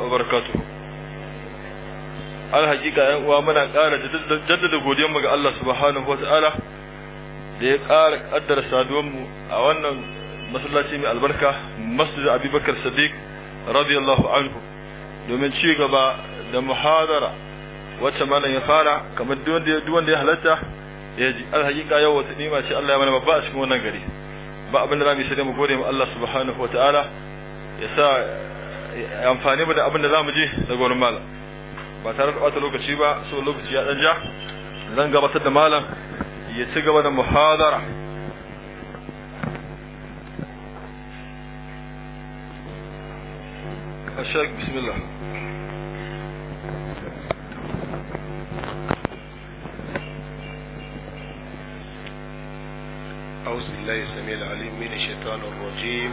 wabarakatuh al hakika yan uwa muna ƙara jaddada godiyar mu ga Allah subhanahu wata'ala da ya ƙara kaddara saduwar mu a wannan masallaci mai albarka masjid Abubakar Sadiq radiyallahu anhu domin ci gaba da muhadara wacce mana ya fara kamar duk wanda duk ya halatta ya ji al hakika yau wata nima ce Allah ya mana babba a cikin wannan gari ba abin da zamu yi sai mu gode mu Allah subhanahu wata'ala ya sa amfani ba da abin da za mu je da wani malam ba tare da ɓata lokaci ba so lokaci ya ɗan ja zan gabatar da malam ya ci gaba da muhadara الشيخ بسم الله أعوذ بالله السميع العليم من الشيطان الرجيم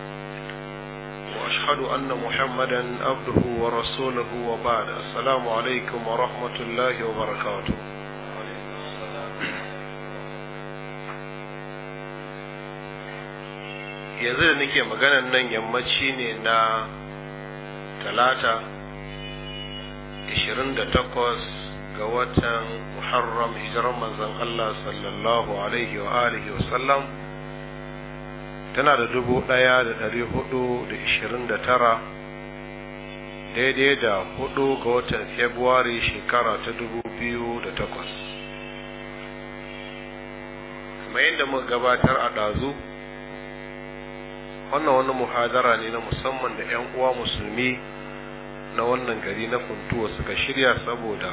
وأشهد أن محمدا عبده ورسوله وبعد السلام عليكم ورحمة الله وبركاته yanzu da nake maganan nan yammaci ne na talata 28 ga watan Muharram hijirar manzon Allah sallallahu alaihi wa alihi wa sallam tana da dubu ɗaya da ɗari hudu da ishirin da tara daidai da hudu ga watan februari shekara ta dubu biyu da takwas kamar yadda muka gabatar a ɗazu wannan wani muhadara ne na musamman da 'yan uwa musulmi na wannan gari na funtuwa suka shirya saboda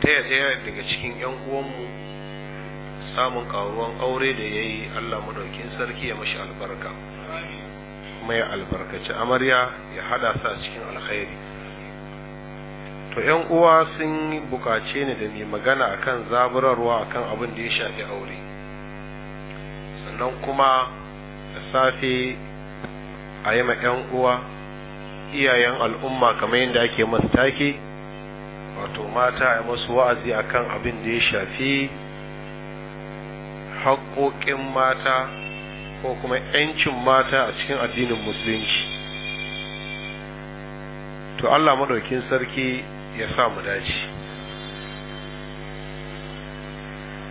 ta ɗaya daga cikin 'yan uwanmu samun ƙaruwan aure da ya yi Allah madaukin sarki ya mashi albarka kuma ya albarkaci amarya ya hada sa cikin alkhairi to yan uwa sun bukace ni da mai magana akan zaburarwa akan abin da ya shafi aure sannan kuma da safe a yi ma yan uwa iyayen al'umma kamar yadda ake masu take wato mata a masu wa'azi akan abin da ya shafi haƙoƙin mata ko kuma 'yancin mata a cikin addinin musulunci to Allah maɗaukin sarki ya sa mu dace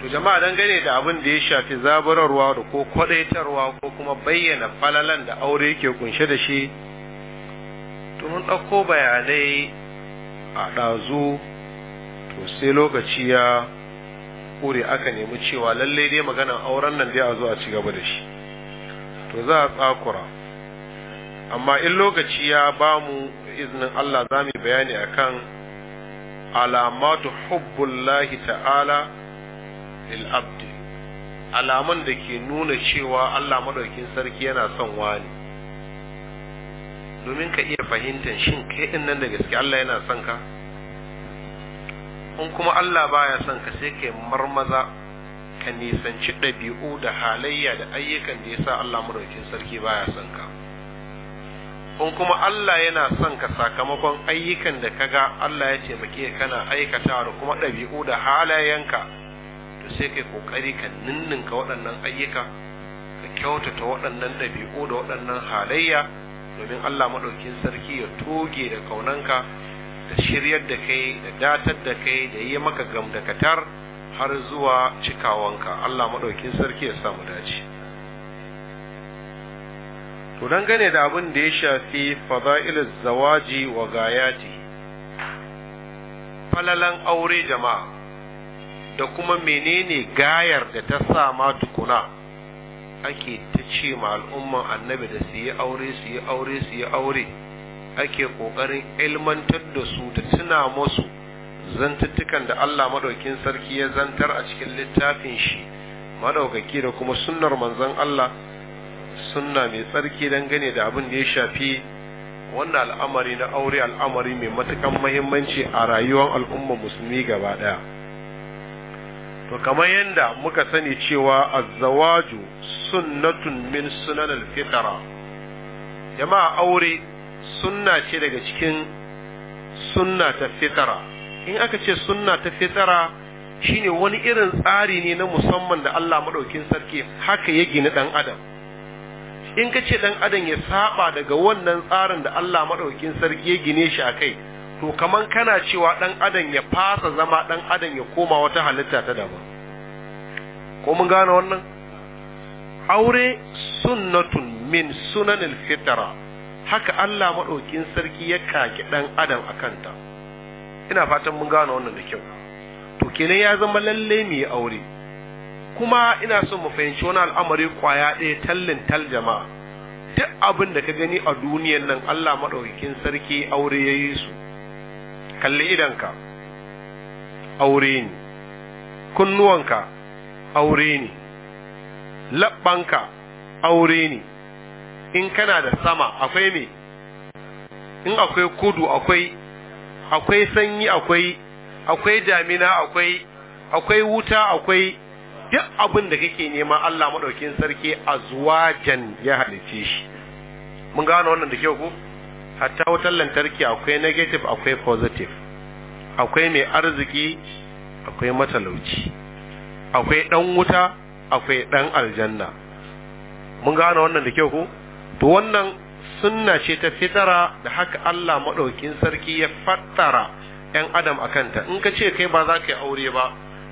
to jama'a dangane da abin da ya shafi zabararwa da ko kwadaitarwa ko kuma bayyana falalan da aure yake kunshe da shi to mun ɗauko bayanai a ɗazu to sai lokaci ya kore aka nemi cewa lallai dai maganan auren nan dai a zo a ci gaba da shi to za a tsakura amma in lokaci ya ba mu iznin Allah za mu bayani akan alamatu hubbullahi ta'ala lil abdi alaman da ke nuna cewa Allah madaukin sarki yana son wani domin ka iya fahimtar shin kai din nan da gaske Allah yana son ka in kuma Allah baya son ka sai kai marmaza ka nisanci ɗabi'u da halayya da ayyukan da ya sa Allah maraukin sarki baya son ka in kuma Allah yana son ka sakamakon ayyukan da ka ga Allah ya ce muke kana aikata da kuma ɗabi'u da halayenka to sai kai kokari ka ninninka waɗannan ayyuka ka kyautata waɗannan ɗabi'u da waɗannan halayya domin Allah maɗaukin sarki ya toge da kaunanka da shiryar da kai da datar da kai da yi maka gamdakatar har zuwa cikawanka Allah maɗaukin sarki ya samu dace to dangane da abin da ya shafi fada'ilul zawaji wa gayati falalan aure jama'a da kuma menene gayar da ta sa ma tukuna ake ta ce ma al'umman annabi da su yi aure su yi aure su yi aure ake ƙoƙarin ilmantar da su da tuna musu zantuttukan da Allah madaukin sarki ya zantar a cikin littafin shi madaukaki da kuma sunnar manzon Allah sunna mai tsarki dangane da abin da ya shafi wannan al'amari na aure al'amari mai matukan mahimmanci a rayuwar al'umma musulmi gaba ɗaya. to kamar yadda muka sani cewa azzawaju sunnatun min sunan alfitara jama'a aure sunna ce daga cikin sunna ta fitara in aka ce sunna ta fitara shine wani irin tsari ne na musamman da Allah madaukin sarki haka ya gina dan adam in ka ce dan adam ya saba daga wannan tsarin da Allah madaukin sarki ya gine shi a kai, to kaman kana cewa ɗan adam ya fasa zama ɗan adam ya koma wata halitta ta daban ko mun gane wannan aure sunnatun min sunanil fitra haka Allah maɗaukin sarki ya kaki ɗan adam a kanta ina fatan mun gane wannan da kyau to kenan ya zama lalle mu yi aure kuma ina son mu fahimci wani al'amari kwaya ɗaya tallin tal jama'a duk abin da ka gani a duniyan nan Allah maɗokin sarki aure ya yi su kalli idanka aure ne kunnuwanka aure ne labbanka aure ne in kana da sama akwai me in akwai kudu akwai akwai sanyi akwai akwai damina akwai akwai wuta akwai duk abin da kake nema Allah madaukin sarki azwajan ya halice shi mun gano wannan da kyau ko hatta wutar lantarki akwai negative akwai positive akwai mai arziki akwai matalauci akwai dan wuta akwai dan aljanna mun gano wannan da kyau ko to wannan sunna ce ta fitara da haka Allah maɗaukin sarki ya fattara ‘yan adam a kanta in ka ce kai ba za ka yi aure ba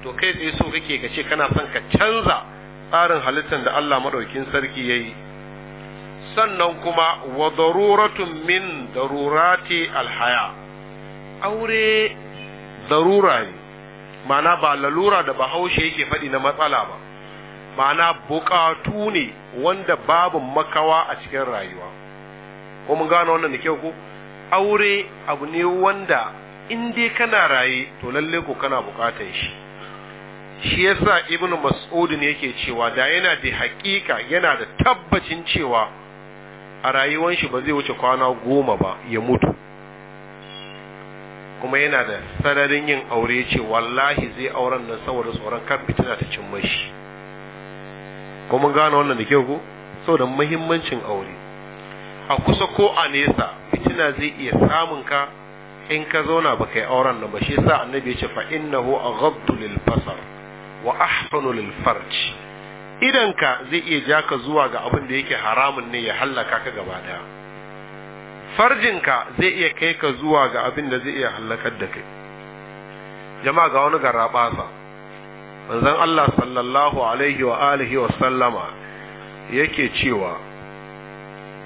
to kai tsaye so kake ka ce kana son ka canza tsarin halittar da Allah maɗaukin sarki ya yi sannan kuma wa daruratun min darurati alhaya aure darura ne ma'ana ba lalura da bahaushe yake faɗi na matsala ba ma'ana buƙatu ne wanda babu makawa a cikin rayuwa ko mun gano wannan da kyau ko aure abu ne wanda in dai kana raye to lalle ko kana buƙatar shi shi yasa ibn mas'ud ne yake cewa da yana da haƙiƙa yana da tabbacin cewa a rayuwar shi ba zai wuce kwana goma ba ya mutu kuma yana da sararin yin aure ce wallahi zai auren nan saboda tsoron kan fitina ta cin mashi ko mun gane wannan da kyau ko saboda muhimmancin aure a kusa ko a nesa fitina zai iya samun ka in ka zauna ba kai auren nan ba shi yasa annabi ya ce fa innahu aghaddu lil basar wa ahsanu lil farj idan ka zai iya ja ka zuwa ga abin da yake haramun ne ya hallaka ka gaba daya farjinka zai iya kai ka zuwa ga abin da zai iya hallakar da kai jama'a ga wani garabasa manzon Allah sallallahu alaihi wa alihi wa sallama yake cewa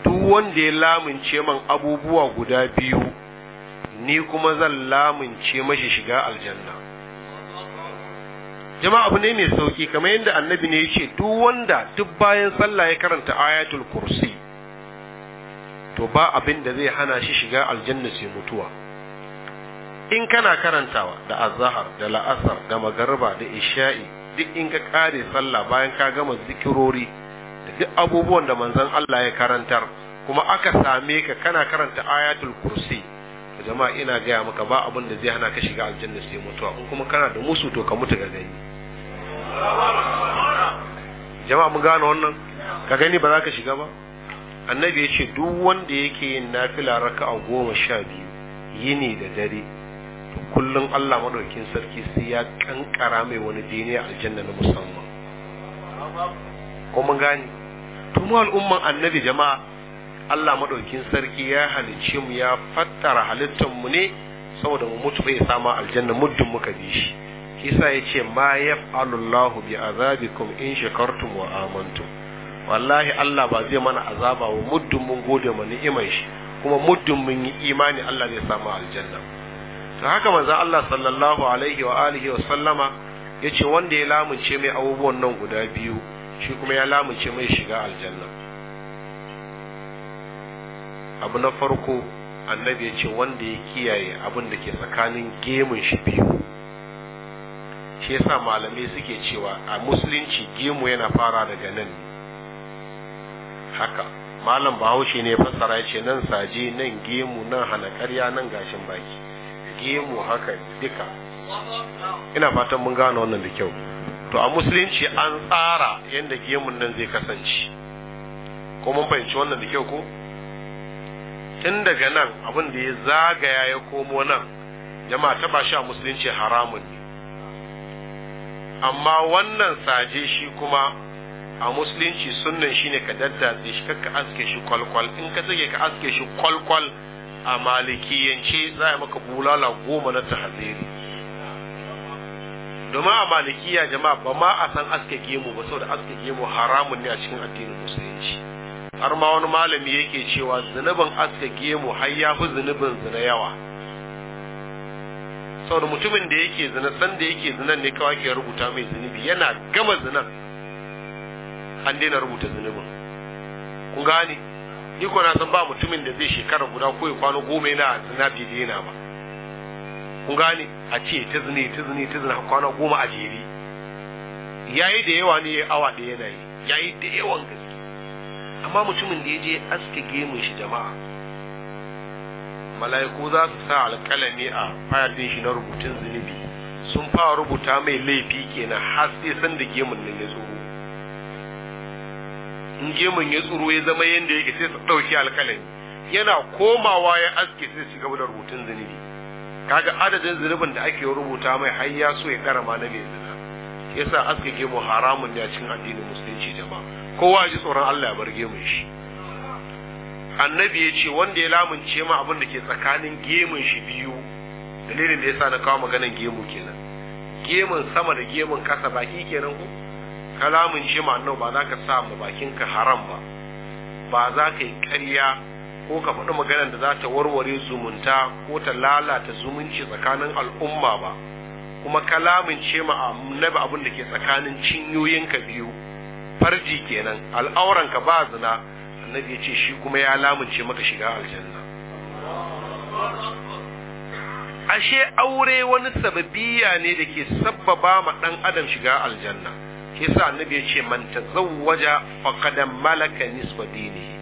duk wanda ya lamince man abubuwa guda biyu ni kuma zan lamince mashi shiga aljanna jama'a abu ne mai sauki kamar yadda annabi ne ce, duk wanda duk bayan sallah ya karanta ayatul kursi to ba abin da zai hana shi shiga aljanna sai mutuwa in kana karantawa da azahar da la'asar da magariba da isha'i duk in ka kare sallah bayan ka gama zikirori da duk abubuwan da manzon Allah ya karantar kuma aka same ka kana karanta ayatul kursi jama'a ina gaya maka ba abin da zai hana ka shiga aljanna sai mutuwa in kuma kana da musu to ka mutu ga gani jama'a mun gane wannan ka gani ba za ka shiga ba annabi ya ce duk wanda yake yin nafila raka'a goma sha biyu yini da dare kullum Allah madaukin sarki sai ya kankara mai wani dini a aljanna na musamman kuma gani tumu al'umman annabi jama'a Allah madaukin sarki ya halicce mu ya fattara halittar mu ne saboda mu mutu bai sama aljanna muddin muka bi shi kisa ya ce ma yaf'alullahu bi azabikum in shakartum wa amantum wallahi Allah ba zai mana azaba wa muddin mun gode ma ni'imai shi kuma muddin mun yi imani Allah zai sama aljanna to haka manzo Allah sallallahu alaihi wa alihi wa sallama yace wanda ya lamunce mai abubuwan nan guda biyu shi kuma ya lamunce mai shiga aljanna abu na farko annabi yace wanda ya kiyaye abin da ke tsakanin gemun shi biyu shi yasa malamai suke cewa a musulunci gemu yana fara daga nan haka malam bahaushe ne fassara ya ce nan saje nan gemu nan hana karya nan gashin baki gemu haka duka ina fatan mun gane wannan da kyau to a musulunci an tsara yadda gemun nan zai kasance ko mun fahimci wannan da kyau ko tun daga nan abin da ya zagaya ya komo nan jama'a taba shi a musulunci haramun ne amma wannan saje shi kuma a musulunci sunnan shine ka daddatse shi kakka aske shi kwalkwal in ka sake ka aske shi kwalkwal a malikiyance za a maka bulala goma na tahaziri domin a malikiya jama'a ba ma a san aske gemu ba saboda aske gemu haramun ne a cikin addinin musulunci har ma wani malami yake cewa zunubin aske gemu har ya fi zunubin zina yawa saboda mutumin da yake zina san da yake zinan ne kawai ke rubuta mai zunubi yana gama zinan an daina rubuta zunubin kun gane ni ko na san ba mutumin da zai shekara guda ko ya kwana goma yana zina bai yana ba kun gane a ce ta zine ta zine ta zine kwana goma a jere yayi da yawa ne awa da yana yi yayi da yawan gaske amma mutumin da ya je aske gemun shi jama'a mala'iku za su sa alƙalami a fayar shi na rubutun zunubi sun fara rubuta mai laifi kenan har sai san da gemun nan ya zo in gemun ya tsuro ya zama yadda yake sai su ɗauki alkalami yana komawa ya aske sai su gaba da rubutun zunubi kaga adadin zunubin da ake rubuta mai har ya so ya karama na mai zina yasa aske gemu haramun ya a cikin addinin musulunci jama'a kowa ji tsoron Allah ya bar gemun shi annabi ya ce wanda ya lamunce ma abin da ke tsakanin gemun shi biyu dalilin da yasa na kawo maganan gemu kenan gemun sama da gemun kasa baki kenan ku? Kalamun shi ma ba za ka sa mu bakinka haram ba ba za ka yi ƙarya ko ka faɗi maganar da za ta warware zumunta ko ta lalata zumunci tsakanin al'umma ba kuma kalamin lamunce ma annabi abin da ke tsakanin cinyoyin ka biyu farji kenan al'auran ka ba zina annabi ya ce shi kuma ya lamunce maka shiga aljanna ashe aure wani sababiya ne da ke sabbaba ma ɗan adam shiga aljanna yasa annabi ya ce man tazawwaja faqad malaka nisfa dinihi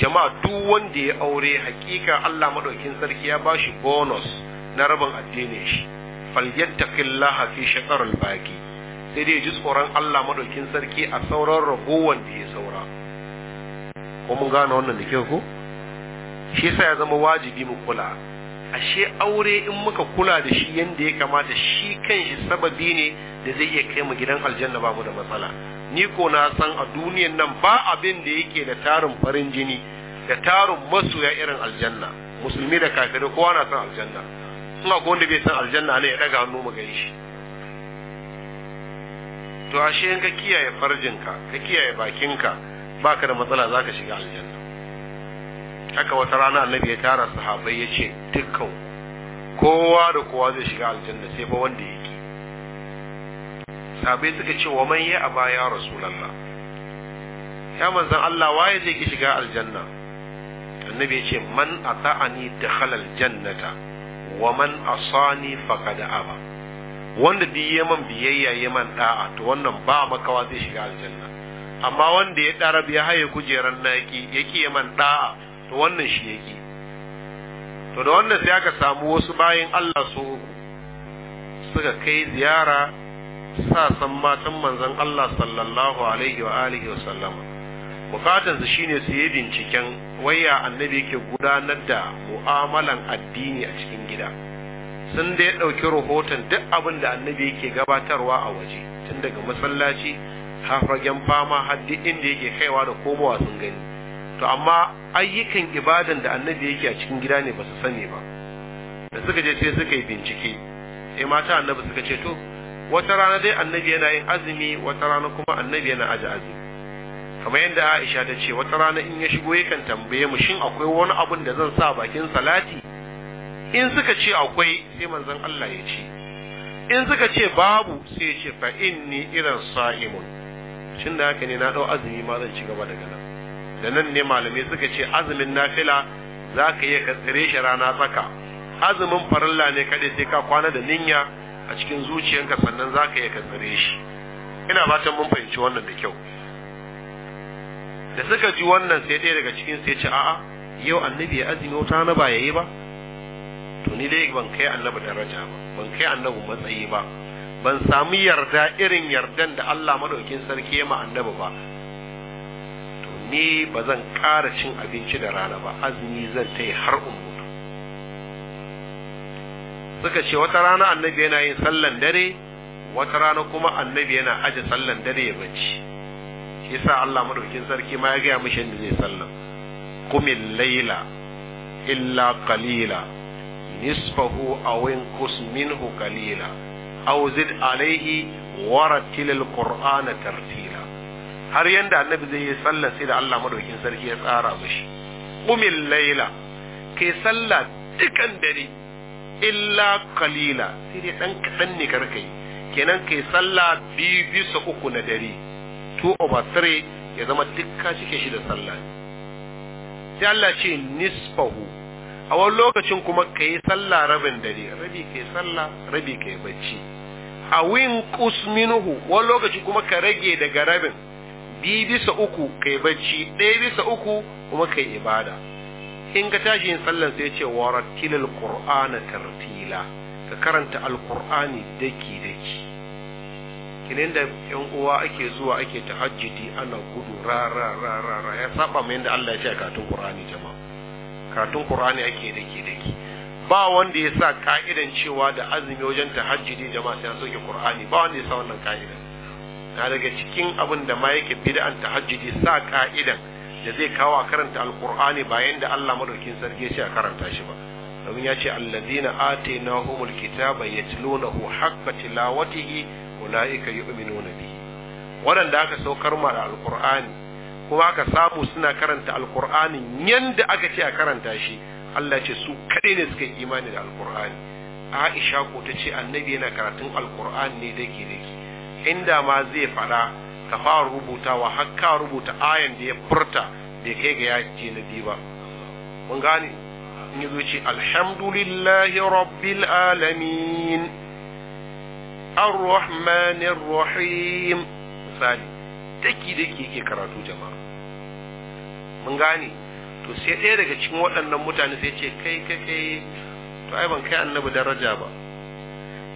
jama'a duk wanda ya aure hakika Allah madaukin sarki ya bashi bonus na rabin addinin shi falyattaqillaha fi shatar baki sai dai ji tsoron Allah madaukin sarki a sauran ragowan da ya saura ko mun gane wannan da ke ko shi yasa ya zama wajibi mu kula ashe aure in muka kula da shi yadda ya kamata shi kanshi sababi ne da zai iya kai mu gidan aljanna ba mu da matsala ni ko na san a duniyan nan ba abin da yake da tarin farin jini da tarin masoya irin aljanna musulmi da kafiri kowa na san aljanna kuma ko wanda bai san aljanna ne ya daga hannu mu gani shi to ashe in ka kiyaye farjinka ka kiyaye bakinka baka da matsala zaka shiga aljanna haka wata rana annabi ya tara sahabbai ya ce dukkan kowa da kowa zai shiga aljanna sai fa wanda ya ki sahabbai suka ce wa man ya aba ya rasulallah ya manzan Allah waye zai ki shiga aljanna annabi ya ce man ata'ani dakhala aljannata wa man asani faqad aba wanda duk man biyayya man da'a to wannan ba makawa zai shiga aljanna amma wanda ya ɗara ya haye kujeran naki yake yaman da'a to wannan shi yake to da wannan sai aka samu wasu bayan Allah su suka kai ziyara sa san matan manzon Allah sallallahu alaihi wa alihi wa sallama bukatan su shine su yi binciken waya annabi yake gudanar da mu'amalan addini a cikin gida sun da ya ɗauki rahoton duk abin da annabi yake gabatarwa a waje tun daga masallaci har fagen fama har duk inda yake kaiwa da komowa sun gani to amma ayyukan ibadan da annabi yake a cikin gida ne ba su sani ba da suka je sai suka yi bincike sai mata annabi suka ce to wata rana dai annabi yana yin azumi wata rana kuma annabi yana aji azumi kamar yadda Aisha ta ce wata rana in ya shigo yakan tambaye mu shin akwai wani abun da zan sa bakin salati in suka ce akwai sai manzon Allah ya ce in suka ce babu sai ya ce fa inni irin sa'imun shin da haka ne na dau azumi ma zan ci gaba daga nan da nan ne malamai suka ce azumin nafila za ka iya ka tsire shi rana tsaka azumin farilla ne kaɗai sai ka kwana da ninya a cikin zuciyanka sannan za ka iya ka tsire shi ina fatan mun fahimci wannan da kyau da suka ji wannan sai ɗaya daga cikin sai ce a'a yau annabi ya azumi wata na ba yayi ba to ni dai ban kai annabi daraja ba ban kai annabi matsayi ba ban samu yarda irin yardan da Allah madaukin sarki ya ma annabi ba ne ba zan ƙara cin abinci da rana ba azumi zan ta yi har in mutu suka ce wata rana annabi yana yin sallan dare wata rana kuma annabi yana aje sallan dare ya bacci shi yasa Allah madaukin sarki ma ya gaya mishi inda zai sallan kumil laila illa qalila nisfahu aw inqus minhu qalila aw zid alayhi warattil qur'ana tartila har yanda annabi zai yi sallah sai da Allah madaukin sarki ya tsara mishi umil laila kai sallah dukan dare illa qalila sai dai dan kadan ne karkai kenan kai sallah biyu bisa uku na dare to over three ya zama dukka cike shi da sallah sai Allah ce nisfahu a wani lokacin kuma kai sallah rabin dare rabi kai sallah rabi kai bacci a win kusminuhu wani lokacin kuma ka rage daga rabin biyu bisa uku kai bacci ɗaya bisa uku kuma kai ibada in ka tashi yin sallar sai ce wa rattilil qur'ana tartila ka karanta alqur'ani daki daki kilin da yan uwa ake zuwa ake tahajjudi ana gudu ra ra ra ra, ra. ya saba mai yadda Allah ya ce karatun qur'ani jama'a Katun qur'ani ake daki daki ba wanda ya sa ka'idan cewa da azumi wajen tahajjudi jama'a sai ya soke qur'ani ba wanda ya sa wannan ka'idan na daga cikin abin da ma yake bid'an tahajjudi sa ka'idan da zai kawo a karanta alqur'ani bayan da Allah madaukin sarki ya ce a karanta shi ba domin ya ce allazina atainahumul kitaba yatlunahu haqqa tilawatihi ulaika yu'minuna bihi waɗanda aka saukar ma da alqur'ani kuma aka samu suna karanta alqur'ani yanda aka ce a karanta shi Allah ce su kadai ne suka yi imani da alqur'ani Aisha ko ta ce annabi yana karatun alqur'ani ne dake dake inda ma zai faɗa ka fara rubutawa har ka rubuta ayan da ya furta da kai ga yaki na biyu ba mun gane in yi zuci alhamdulillahi rabbil alamin arrahmanir rahim misali daki daki ke karatu jama'a mun gane to sai ɗaya daga cikin waɗannan mutane sai ce kai kai kai to ai ban kai annabi daraja ba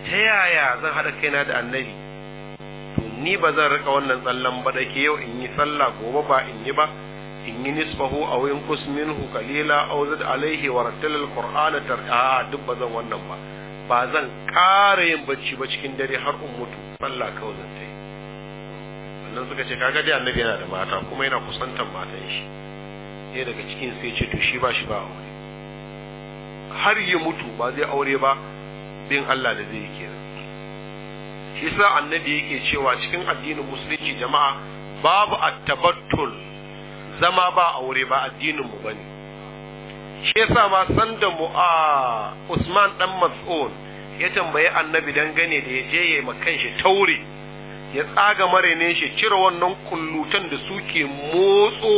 ta yaya zan haɗa kaina da annabi ni ba zan rika wannan tsallan ba da ke yau in yi sallah gobe ba in yi ba in yi nisfahu aw yunqus minhu qalila a zid alaihi wa rattil alqur'ana a duk ba zan wannan ba ba zan ƙara yin bacci ba cikin dare har in mutu sallah kawai zan ta yi wannan suka ce kaga dai annabi yana da mata kuma yana kusantar matan shi ne daga cikin sai ce to shi ba shi ba aure har ya mutu ba zai aure ba bin Allah da zai yi kenan shi sa annabi yake cewa cikin addinin musulunci jama'a babu attabattul zama ba aure ba addinin mu bane shi yasa ma da mu a Usman dan Mas'ud ya tambayi annabi dangane da ya je ya ma shi taure ya tsaga marene shi cire wannan kullutan da suke motso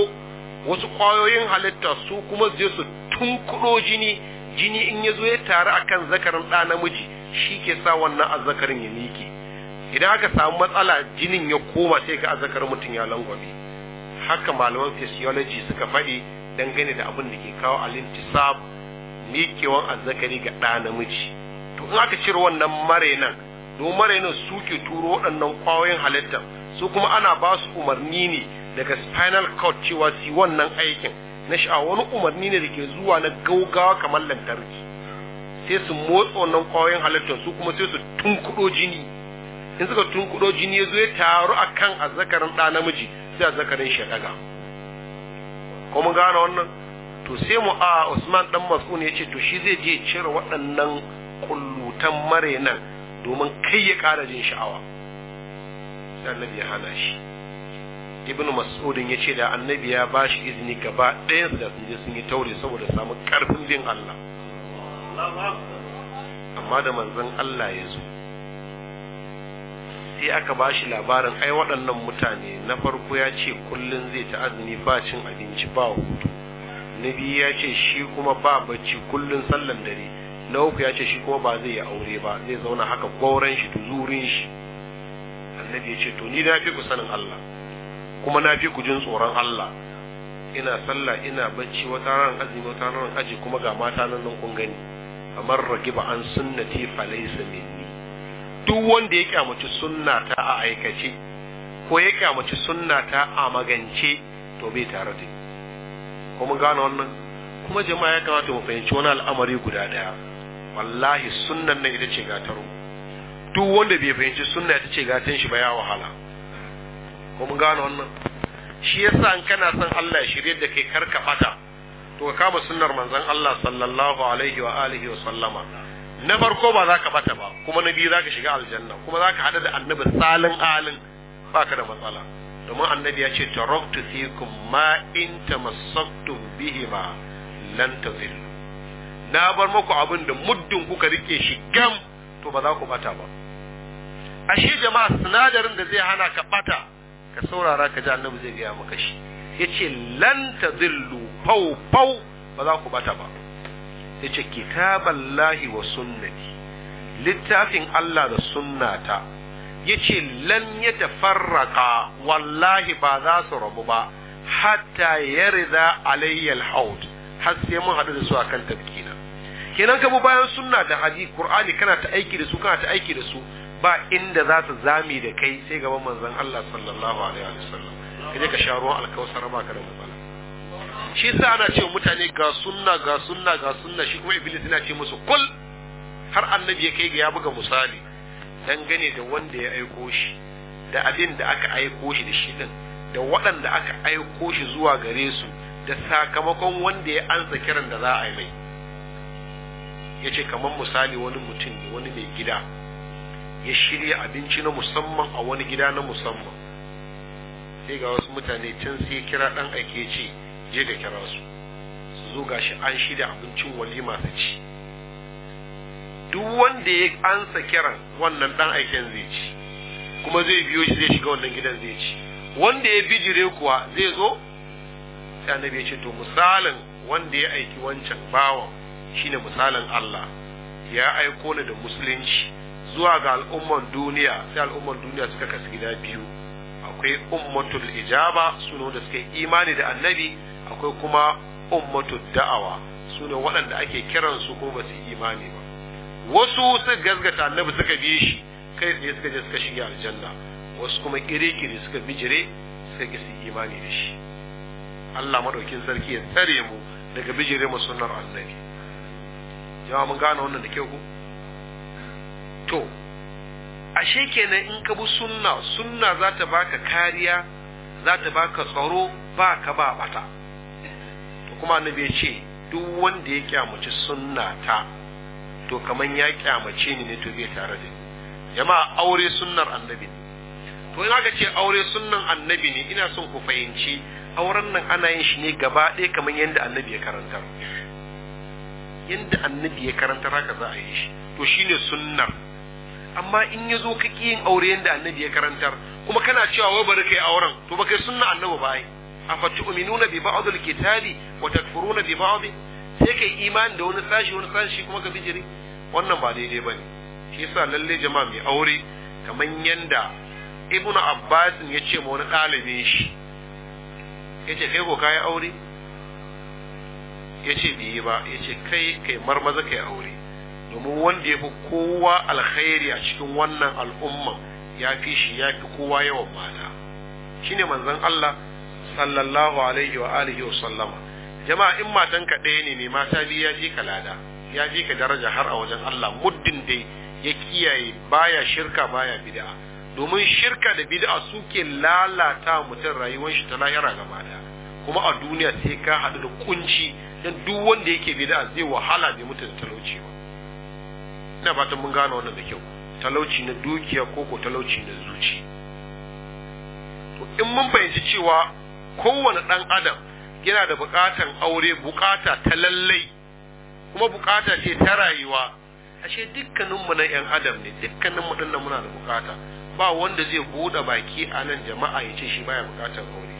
wasu kwayoyin halitta su kuma je su tunkuɗo jini jini in ya zo ya taru akan zakarin ɗa namiji shi ke sa wannan azzakarin ya miƙe idan aka samu matsala jinin ya koma sai ka azakar mutum ya langwabi haka malaman physiology suka faɗi dangane da abin da ke kawo alintisab miƙewan azzakari ga ɗa namiji to in aka cire wannan marainan don marainan su ke turo waɗannan kwayoyin halittar su kuma ana ba su umarni ne daga spinal cord cewa su wannan aikin na sha wani umarni ne da ke zuwa na gaugawa kamar lantarki sai su motsa wannan kwayoyin halittar su kuma sai su tunkuɗo jini in suka tunkudo jini ya zo ya taru a kan azzakarin ɗa namiji sai azzakarin shi ya ɗaga ko mun gane wannan to sai mu a usman dan mas'un ya ce to shi zai je cire waɗannan kullutan mare nan domin kai ya ƙara jin sha'awa sai annabi ya hana shi ibnu mas'udin ya ce da annabi ya ba shi izini gaba ɗayansu da sun je sun yi taure saboda samun ƙarfin bin allah amma da manzon allah ya zo sai aka ba shi labarin ai waɗannan mutane na farko ya ce kullum zai ta azumi ba cin abinci ba hutu na biyu ya ce shi kuma ba bacci kullum sallan dare na uku ya ce shi kuma ba zai yi aure ba zai zauna haka gwauran shi zurin shi annabi ya ce to ni na fi ku sanin Allah kuma na fi ku jin tsoron Allah ina sallah ina bacci wata ran azumi wata ran aji kuma ga mata nan kun gani amar ragiba an sunnati falaysa minni duk wanda ya kyamaci sunna ta a aikace ko ya kyamaci sunna ta a magance to bai tare da ko mun gane wannan kuma jama'a ya kamata mu fahimci wani al'amari guda daya wallahi sunnan nan ita ce gatar duk wanda bai fahimci sunna ita ce gatan shi ba ya wahala ko mun gane wannan shi yasa an kana son Allah ya shirye da kai karka fata to ka kama sunnar manzon Allah sallallahu alaihi wa alihi wa sallama na farko ba za ka bata ba kuma na biyu za ka shiga aljanna kuma za ka haɗu da annabi salin alin ba ka da matsala domin annabi ya ce taraktu fikum ma in tamassaktum bihi ma lan tazillu na bar muku abin da muddin kuka rike shi gam to ba za ku bata ba ashe jama'a sinadarin da zai hana ka bata ka saurara ka ji annabi zai gaya maka shi yace lan tazillu fau fau ba za ku bata ba Yace ce kitaballahi wa sunnati littafin Allah da sunnata yace lan farraka wallahi ba za su rabu ba hatta yarda alayya alhaud har sai mun hadu da su akan tafkina kenan ka bayan sunna da hadisi qur'ani kana ta aiki da su kana ta aiki da su ba inda za su zame da kai sai gaban manzon Allah sallallahu alaihi wasallam kaje ka sha ruwan alkawsar ba ka da matsala shi sa ana cewa mutane ga sunna ga sunna ga sunna shi kuma iblis yana ce musu kul har annabi ya kai ga ya buga misali dangane da wanda ya aiko shi da abin da aka aiko shi da shi din da waɗanda aka aiko shi zuwa gare su da sakamakon wanda ya ansa kiran da za a yi mai ya ce kamar misali wani mutum ne wani mai gida ya shirya abinci na musamman a wani gida na musamman sai ga wasu mutane can sai kira ɗan ake ce je da kira su su zo gashi an shirya abincin walima su ci duk wanda ya ansa kiran wannan dan aiken zai ci kuma zai biyo shi zai shiga wannan gidan zai ci wanda ya bijire kuwa zai zo sai annabi ya ce to misalin wanda ya aiki wancan bawan shine misalin Allah ya aiko ni da musulunci zuwa ga al'umman duniya sai al'umman duniya suka kasu gida biyu akwai ummatul ijaba suno da suka yi imani da annabi akwai kuma ummatu da'awa su ne waɗanda ake kiransu ko ba su imani ba wasu suka gasgata annabi suka bi shi kai tsaye suka je suka shiga aljanna wasu kuma kirikiri suka bijire suka ki su imani da shi Allah madaukin sarki ya tsare mu daga bijire mu sunnar annabi jama'a mun gane wannan da kyau ku to ashe kenan in ka bi sunna sunna za ta baka kariya za ta baka tsaro ba ka ba bata kuma annabi ya ce duk wanda ya kyamaci sunna ta to kaman ya kyamace ni ne to bai tare da ni jama'a aure sunnar annabi ne to in aka ce aure sunnan annabi ne ina son ku fahimci auren nan ana yin shi ne gaba ɗaya kamar yadda annabi ya karantar yadda annabi ya karantar haka za a yi shi to shine sunnar amma in ya zo ka yin aure yadda annabi ya karantar kuma kana cewa wai bari kai auren to ba kai sunna annabi ba ai afatu'minuna bi ba'd al-kitabi wa takfuruna bi ba'd sai kai imani da wani sashi wani sashi kuma ka bijiri wannan ba daidai bane shi yasa lalle jama'a mai aure kamar yanda ibnu abbas ya ce ma wani ɗalibin shi yace kai ko kai aure yace bai ba yace kai kai marmaza kai aure domin wanda ya fi kowa alkhairi a cikin wannan al'umma ya fi shi ya fi kowa yawan mata shine manzon Allah sallallahu alaihi wa alihi wa sallama jama'a in matan ka ɗaya ne mai mata biyu ya je ka lada ya je ka daraja har a wajen Allah muddin dai ya kiyaye baya shirka baya bid'a domin shirka da bid'a suke lalata mutum rayuwar shi ta lahira gaba daya kuma a duniya sai ka haɗu da kunci don duk wanda yake bid'a zai wahala bai mutu da talauci ba ina fatan mun gane wannan da kyau talauci na dukiya ko ko talauci na zuci to in mun fahimci cewa kowane ɗan adam yana da buƙatan aure buƙata ta lallai kuma buƙata ce ta rayuwa ashe dukkaninmu na 'yan adam ne dukkaninmu ɗin nan muna da buƙata ba wanda zai buɗe baki a nan jama'a ya ce shi baya buƙatar aure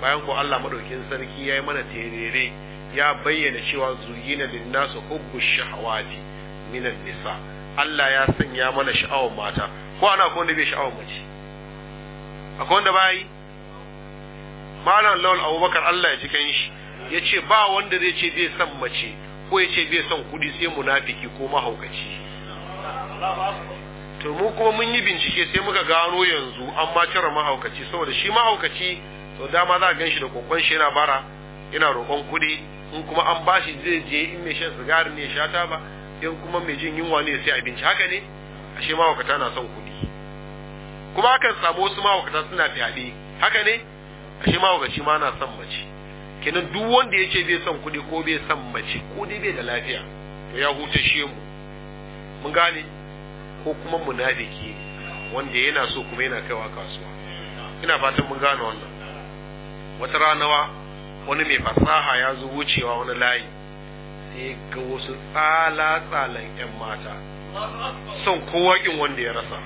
bayan ko Allah madaukin sarki ya yi mana terere ya bayyana cewa zuyina linnasu hubbu shahawati minan nisa Allah ya sanya mana sha'awar mata ko ana ko wanda bai sha'awar mace akwai wanda bai malam lawal abubakar Allah ya ji kan shi ya ce ba wanda zai ce bai son mace ko ya ce bai son kuɗi sai munafiki ko mahaukaci to mu kuma mun yi bincike sai muka gano yanzu an ma cire mahaukaci saboda shi mahaukaci to dama za a gan da kokon shi yana bara yana roƙon kuɗi in kuma an bashi zai je in mai shan sigari ne sha ba in kuma mai jin yunwa ne sai binci haka ne ashe mahaukata na son kuɗi kuma akan samu wasu mahaukata suna fyaɗe haka ne shi ma ga shi ma na son mace kenan duk wanda ya ce bai son kuɗi ko bai son mace ko dai bai da lafiya to ya huta shi mu mun gane ko kuma munafiki wanda yana so kuma yana kaiwa kasuwa ina fatan mun gane wannan wata ranawa wani mai fasaha ya zo wucewa wani layi sai ga wasu tsala-tsalan 'yan mata son kowakin wanda ya rasa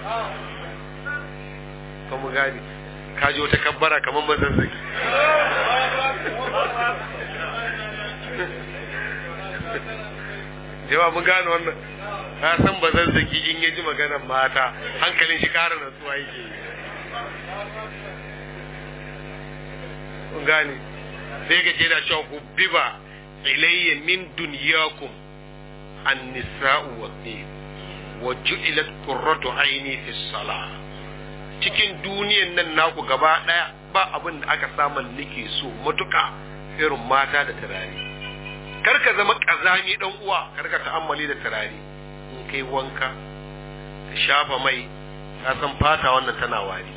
ka mu gane kaji wata kabbara kamar zaki jama'a mun gano wannan na san zaki in ya ji maganar mata hankalin shi ƙara suwa yake mun gane sai ga da cewa ku biba ilayya min dunyakum an nisa'u wa wa ju'ilat qurratu aini fi salah cikin duniyan nan naku gaba ɗaya ba abin da aka samun nake so matuka irin mata da turare karka zama ƙazami ɗan uwa karka ka ta'ammali da turare in kai wanka ka shafa mai ka san fata wannan tana wari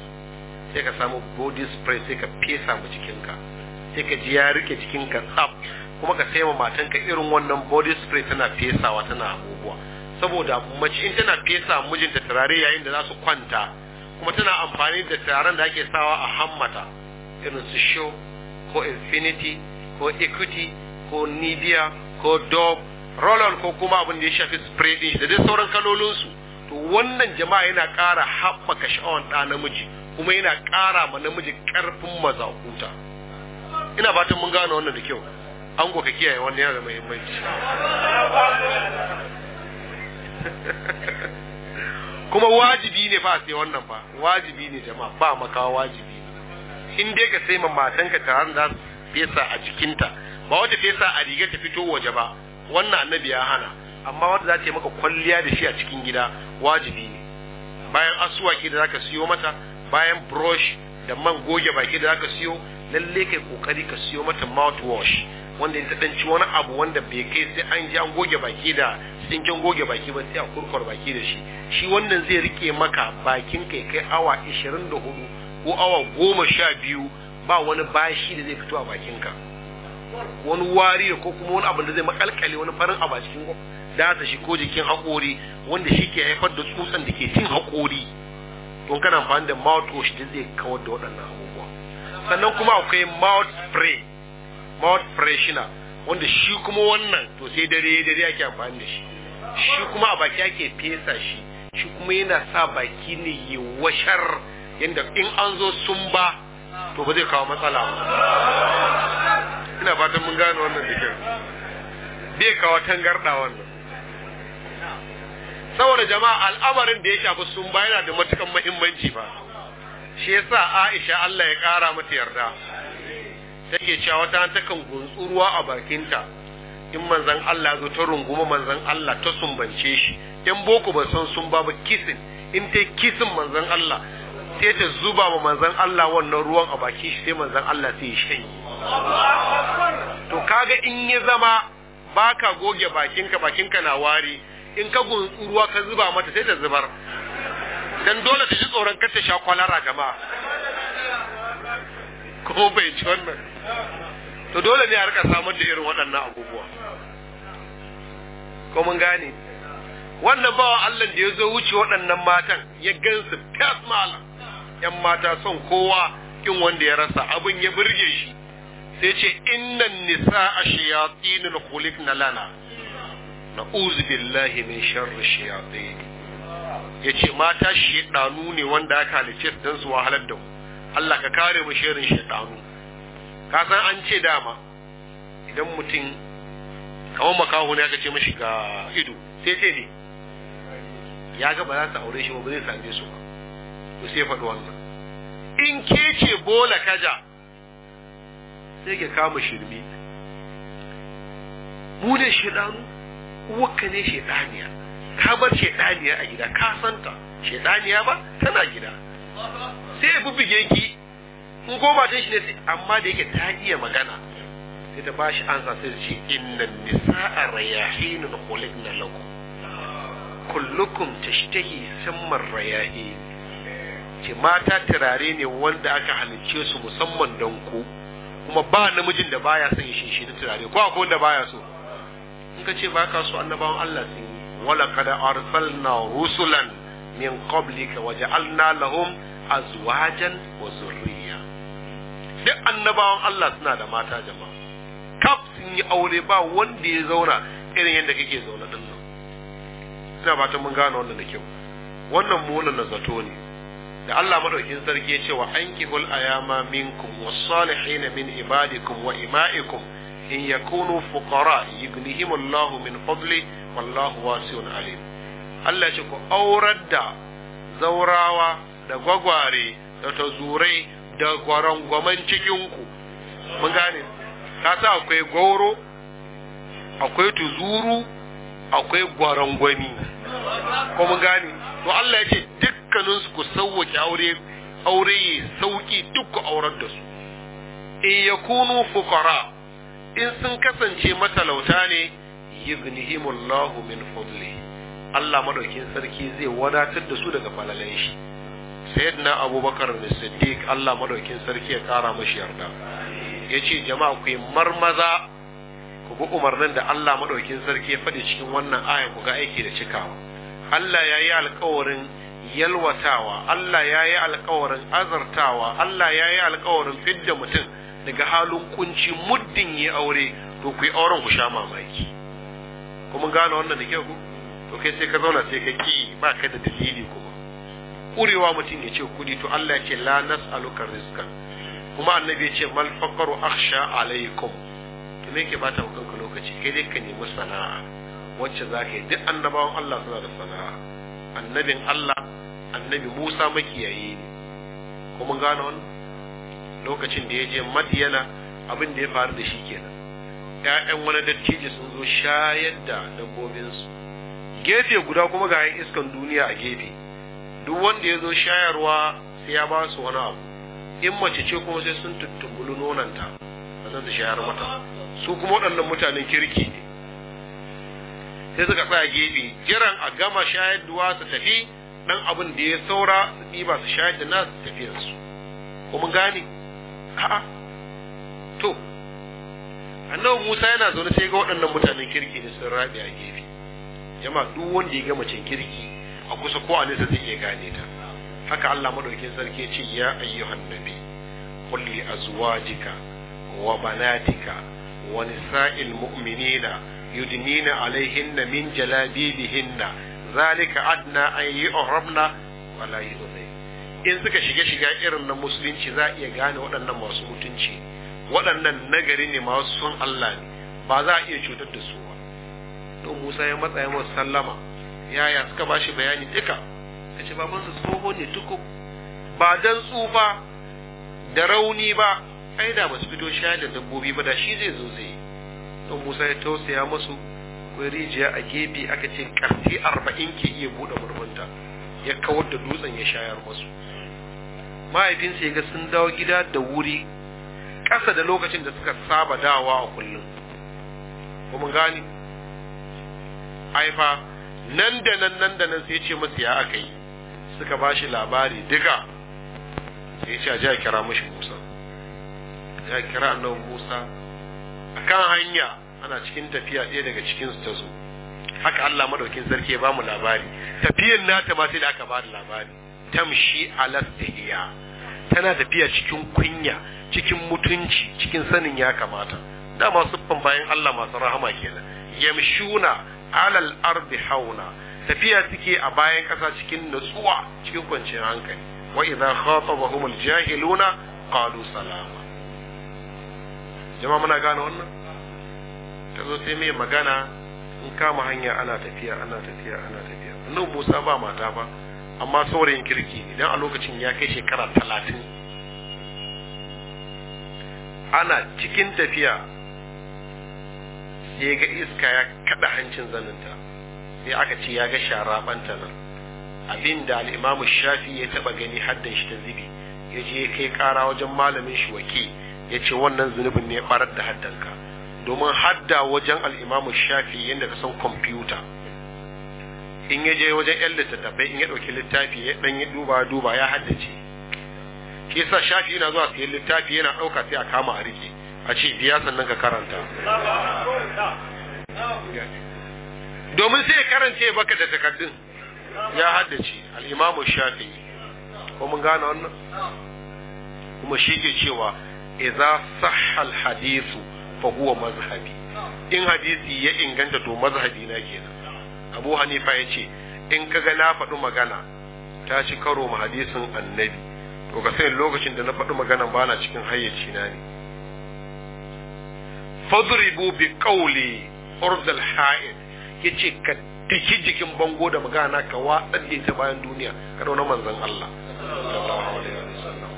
sai ka samu body spray sai ka fesa mu cikinka. sai ka ji ya rike cikinka tsaf kuma ka sai ma matanka irin wannan body spray tana fesawa tana abubuwa saboda mace in tana fesa mijinta turare yayin da za su kwanta kuma tana amfani da taron da ake sawa a hammata irin su show ko infinity ko equity ko nibia ko dog rollon ko kuma abin da ya shafi spreading da dai sauran kalolinsu to wannan jama'a yana ƙara haɓaka sha'awar ɗa namiji kuma yana kara ma namiji ƙarfin mazakuta ina fatan mun gane wannan da kyau an ka kiyaye wannan yana da muhimmanci kuma wajibi ne fa sai wannan fa wajibi ne jama'a ba maka wajibi in dai ka sai ma matanka taron za su fesa a jikinta ba wata fesa a riga ta fito waje ba wannan annabi ya hana amma wanda za ta maka kwalliya da shi a cikin gida wajibi ne bayan asuwaki da zaka siyo mata bayan brush da man goge baki da zaka siyo lalle kai kokari ka siyo mata mouthwash wanda ya taɗanci wani abu wanda bai kai sai an ji an goge baki da tsinken goge baki ba sai a kurkur baki da shi shi wannan zai rike maka bakin kai kai awa 24 ko awa 12 ba wani bashi da zai fito a bakinka wani wari ko kuma wani abu da zai makalkale wani farin abu a cikin ta shi ko jikin haƙori wanda shi ke haifar da tsutsan da ke cin haƙori don kana amfani da wash da zai kawar da waɗannan abubuwa sannan kuma akwai mouth spray mouth freshener wanda shi kuma wannan to sai dare dare ake amfani da shi shi kuma a baki ake fesa shi shi kuma yana sa baki ne ya washar yadda in an zo sun ba to ba zai kawo matsala ba ina fatan mun gane wannan zikin bai kawo tangarda wannan saboda jama'a al'amarin da ya shafi sun ba yana da matukan muhimmanci ba shi yasa Aisha Allah ya kara mata yarda take cewa wata ta kan gunsu ruwa a bakinta in manzan Allah zo ta runguma manzan Allah ta sumbance shi in boko ba san sun ba kisin in ta kisin manzan Allah sai ta zuba wa manzan Allah wannan ruwan a bakin shi sai manzan Allah sai ya shanye to kaga in ya zama baka goge bakinka bakinka na wari in ka gunsu ruwa ka zuba mata sai ta zubar dan dole ta ji tsoron kar ta sha kwalara jama'a ko bai ci wannan to dole ne a rika samar da irin waɗannan abubuwa ko mun gane wannan bawa Allah da ya zo wuce waɗannan matan ya gansu fas malam yan mata son kowa kin wanda ya rasa abin ya burge shi sai ce innan nisa a shayatinul khuliq na lana billahi min sharri Ya yace mata ɗanu ne wanda aka halice don su wahalar da mu Allah ka kare mu shirin ɗanu. ka san an ce dama idan mutum kamar makaho ne aka ce mashi ga ido sai ce ne ya ga ba za su aure shi ba zai same su ba to sai faɗi wannan in ke ce bola kaja sai ke kama Shirmi. mu ne shidanu uwakka ne shidaniya ka bar shidaniya a gida ka santa shidaniya ba tana gida sai ya bubbuge ki in ko ba shi ne amma da yake ta iya magana sai ta bashi ansa sai ce inna nisa'a rayahin khuliqna lakum kullukum tashtahi samar rayahi ce mata turare ne wanda aka halicce su musamman don ku kuma ba namijin da baya son shi shi turare ko akwai wanda baya so in ka ce baka so annabawan Allah sun yi wala kada arsalna rusulan min qablika waja'alna lahum azwajan wa zurriyya duk annabawan Allah suna da mata jama'a kaf sun yi aure ba wanda ya zauna irin yadda kake zauna din nan ina fatan mun gane wannan da kyau wannan mola na zato ne da Allah madaukin sarki ya ce wa ankihul ayama minkum was-salihin min ibadikum wa ima'ikum in yakunu fuqara yughnihimullahu min fadli wallahu wasi'un alim Allah ya ce ku aurar da zaurawa da gwagware da tazurai da gwarangwaman cikinku mun gane ka sa akwai gauro akwai tuzuru akwai gwarangwami ko mun gane to Allah ya ce dukkaninsu ku sauwake aure aure yi sauki duk ku da su in yakunu fuqara in sun kasance matalauta ne yughnihimullahu min fadli Allah madaukin sarki zai wadatar da su daga falalai shi sayyidina abubakar da siddiq allah madaukin sarki ya kara mashi yarda ya ce jama'a ku yi marmaza ku bi umarnin da allah madaukin sarki ya faɗi cikin wannan aya ku ga aiki da cikawa allah ya yi alkawarin yalwatawa allah ya yi alkawarin azartawa allah ya yi alkawarin fidda mutum daga halin kunci muddin ya aure to ku yi auren ku sha mamaki kuma gane wannan da kyau ku to kai sai ka zauna sai ka ki ba ka da dalili kuma kurewa mutum ya ce kuɗi to Allah ya ce la nas'aluka rizqan kuma annabi ya ce mal faqru akhsha alaikum to me yake bata kanka lokaci kai dai ka nemi sana'a wacce zaka yi duk annabawan Allah suna da sana'a annabin Allah annabi Musa makiyayi ne kuma gane lokacin da ya je Madiyana abin da ya faru da shi kenan ‘ya'yan wani dattijo sun zo shayar da dabbobinsu gefe guda kuma ga iskan duniya a gefe duk wanda ya zo shayarwa sai ya ba su wani abu in mace ce kuma sai sun tuttumbulu nonanta zan su shayar mata su kuma waɗannan mutanen kirki ne sai suka tsaya gefe jiran a gama duwa su tafi dan abin da ya saura su ɗiba su shayar da na nasu tafiyarsu ko mun gane a'a to annabi Musa yana zaune sai ga waɗannan mutanen kirki ne sun rabi a gefe jama'a duk wanda ya gama cin kirki a kusa ko a nesa zai iya gane ta haka Allah madaukin sarki ya ce ya ayyuhan nabi qul li azwajika wa banatika wa nisa'il mu'minina yudnina alaihinna min jalabibihinna zalika adna an yu'rabna wa la in suka shiga shiga irin na musulunci za iya gane waɗannan masu mutunci waɗannan nagari ne masu son Allah ne ba za a iya cutar da su ba don Musa ya matsa ya sallama yaya suka ba shi bayani duka ta ce su tsoho ne tuku ba dan tsufa da rauni ba ai da basu fito shayar da dabbobi ba da shi zai zo zai don musa ya tausaya masu akwai rijiya a gefe aka ce karfe arba'in ke iya buɗe murmunta ya kawar da dutsen ya shayar masu mahaifinsa ya ga sun dawo gida da wuri Kasa da lokacin da suka saba dawa a kullum kuma gani aifa nan da nan nan da nan sai ce masa ya aka yi suka ba shi labari duka sai ce a a kira mashi musa ya kira annabi musa a kan hanya ana cikin tafiya ɗaya daga cikinsu ta zo haka allah madaukin sarki ya ba mu labari tafiyan nata ta sai da aka ba da labari tamshi alastihiya tana tafiya cikin kunya cikin mutunci cikin sanin ya kamata dama siffan bayan allah masu rahama kenan yamshuna alal ardi hauna tafiya suke a bayan ƙasa cikin nutsuwa cikin kwanciyar hankali wa idza humul jahiluna qalu salama jama'a muna gane wannan ta zo sai mai magana in kama hanya ana tafiya ana tafiya ana tafiya nan Musa ba mata ba amma saurayin kirki idan a lokacin ya kai shekara talatin ana cikin tafiya sai ga iska ya kada hancin zaninta sai aka ce ya ga sharabanta nan abin da al'imamu shafi ya taba gani haddan shi ta zibi ya je kai kara wajen malamin shi wake ya ce wannan zunubin ne barar da haddanka domin hadda wajen al'imamu shafi yadda ka san kwamfuta in ya je wajen yan littattafai in ya ɗauki littafi ya ɗan yi duba duba ya haddace shi yasa shafi yana zuwa sayan littafi yana ɗauka sai a kama a rike a ci biya sannan ka karanta domin sai karance baka da takardun ya haddace al'imamu shafi ko mun gane wannan kuma shi ke cewa idza sahhal hadisu fa huwa mazhabi in hadisi ya inganta to mazhabi na kenan abu hanifa ya ce in kaga na faɗi magana ta ci karo ma hadisin annabi to ka sai lokacin da na faɗi magana bana cikin hayyacina ne fadribu bi qawli urdul ha'id yace ka tiki jikin bango da magana ka watsar da ita bayan duniya ka dauna manzon Allah sallallahu alaihi wasallam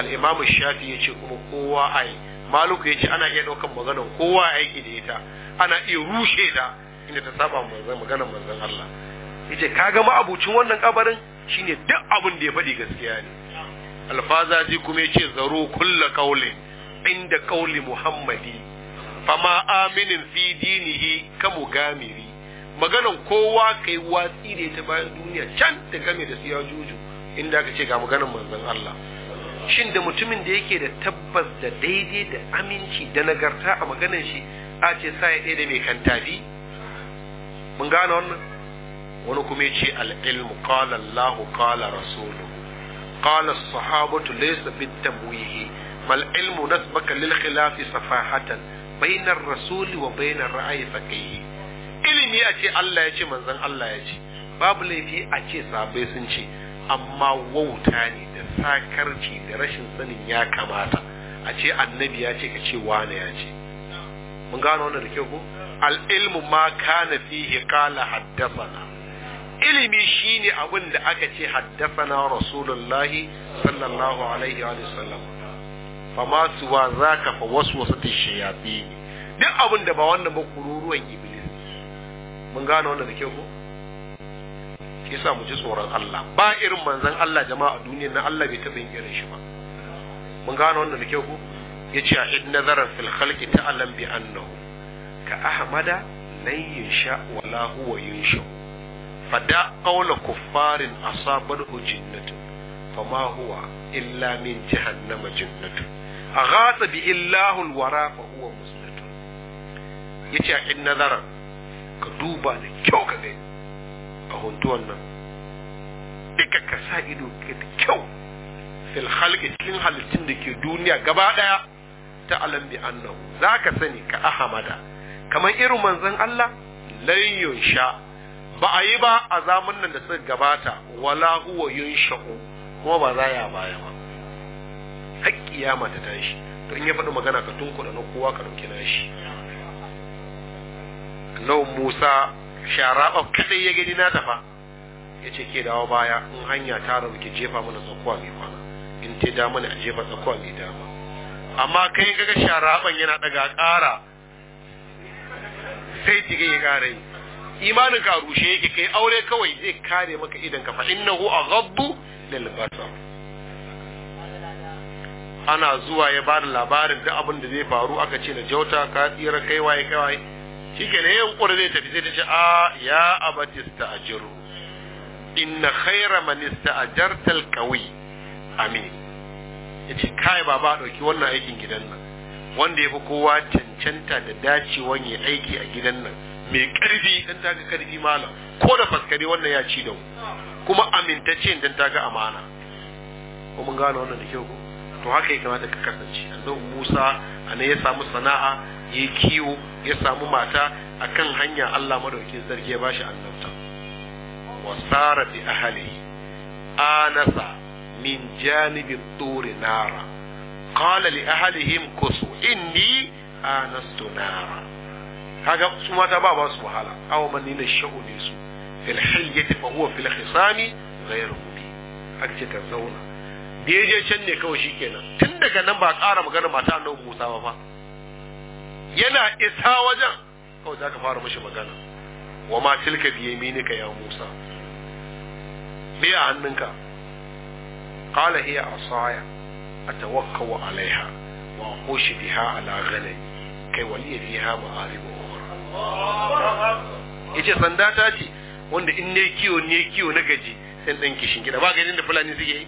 al-imam shafi yace kuma kowa ai maluku yace ana iya daukan maganar kowa aiki da ita ana iya rushe da inda ta saba manzon maganar manzon Allah yace kaga ma abucin wannan kabarin shine duk abin da ya faɗi gaskiya ne alfazaji kuma yace zaro kullu qawli inda qawli muhammadi fama aminin fi dinihi ka mugamiri maganan kowa kai watsi da ta bayan duniya can da game da su juju inda aka ce ga maganan manzon Allah shin da mutumin da yake da tabbas da daidai da aminci da nagarta a maganan shi a ce sa ya da mai tafi mun gane wannan wani kuma ya ce al'ilmu qala Allah qala rasuluhu qala as-sahabatu laysa bit-tamwihi mal ilmu nasbaka lil khilafi safahatan bainar rasuli wa bainar ra'ayi tsakayi ilimi a ce Allah ya ce manzon Allah ya ce babu laifi a ce sabai sun ce amma wauta ne da sakarci da rashin sanin ya kamata a ce annabi ya ce ka ce wane ya ce mun gano wannan da kyau ko al-ilmu ma kana fihi qala haddathana ilimi shine abin da aka ce haddathana rasulullahi sallallahu alaihi wa sallam fa ma suwa zaka fa waswasatu shayatin duk abin da ba wannan ba kururuwan iblis mun gane wannan da kyau ko yasa mu ji tsoron Allah ba irin manzon Allah jama'a a duniyar nan Allah bai taɓa yin irin shi ba mun gane wannan da kyau ko ce a id nazaran fil khalqi ta'lam bi annahu ka ahmada lan yasha wala huwa yansha fada qawla kuffarin asabar jinnatu fama huwa illa min jahannama jinnatu ghatsa bi illahu alwara fa huwa muslimun yace a in nazara ka duba da kyau ka a nan duka ka sa ido ke da kyau fil cikin halittun da ke duniya gaba daya ta alam bi annahu zaka sani ka ahamada kamar irin manzon Allah lan yunsha ba a yi ba a zamanin da suka gabata wala huwa yunsha'u kuma ba za ya baya ba har kiyama ta tashi to in ya faɗi magana ka tunku da na kowa ka ɗauki nashi Nawa Musa sharaba kadai ya gani na tafa ya ce ke dawo baya in hanya ta rabu ke jefa mana tsakuwa mai kwana in ta da mana a jefa tsakuwa mai dama amma kai kaga sharaban yana daga ƙara sai tige ya ƙara yi imanin ka rushe yake kai aure kawai zai kare maka idan ka fa innahu aghaddu lil basar ana zuwa ya ba da labarin duk abin da zai faru aka ce na jauta ka tsira kai waye kai waye shikenan yin kura zai tafi sai ta ce a ya abatista jiru inna khaira a ista'jarta alqawi amin ya ce kai ba ɗauki wannan aikin gidan nan wanda ya fi kowa cancanta da dacewan ya aiki a gidan nan mai ƙarfi, dan ga ƙarfi malam ko da faskare wannan ya ci da kuma amintacce dan taga amana ko mun gane wannan da kyau ko to haka ya kamata ka kasance annabi Musa ana ya samu sana'a ya kiwo ya samu mata akan hanya Allah madaukakin sarki ya bashi annabta wasara bi ahlihi anasa min janibi turi nara qala li ahlihim kusu inni anastu nara kaga su mata ba ba su wahala aw man ne sha'uni su fil hilyati fa huwa fil khisami ghayru mubin akce ta zauna da ya je can ne kawai shikenan tun daga nan ba ƙara magana mata annabi Musa ba fa yana isa wajen kawai ka fara mishi magana wa ma tilka bi yaminika ya Musa bi a hannunka qala hiya asaya wa alaiha wa khushi biha ala ghanami kai waliya fiha ma'arib ukhra yace sanda ta ce wanda in ne kiwo ne kiwo na gaji sai ɗan kishin gida ba da fulani suke yi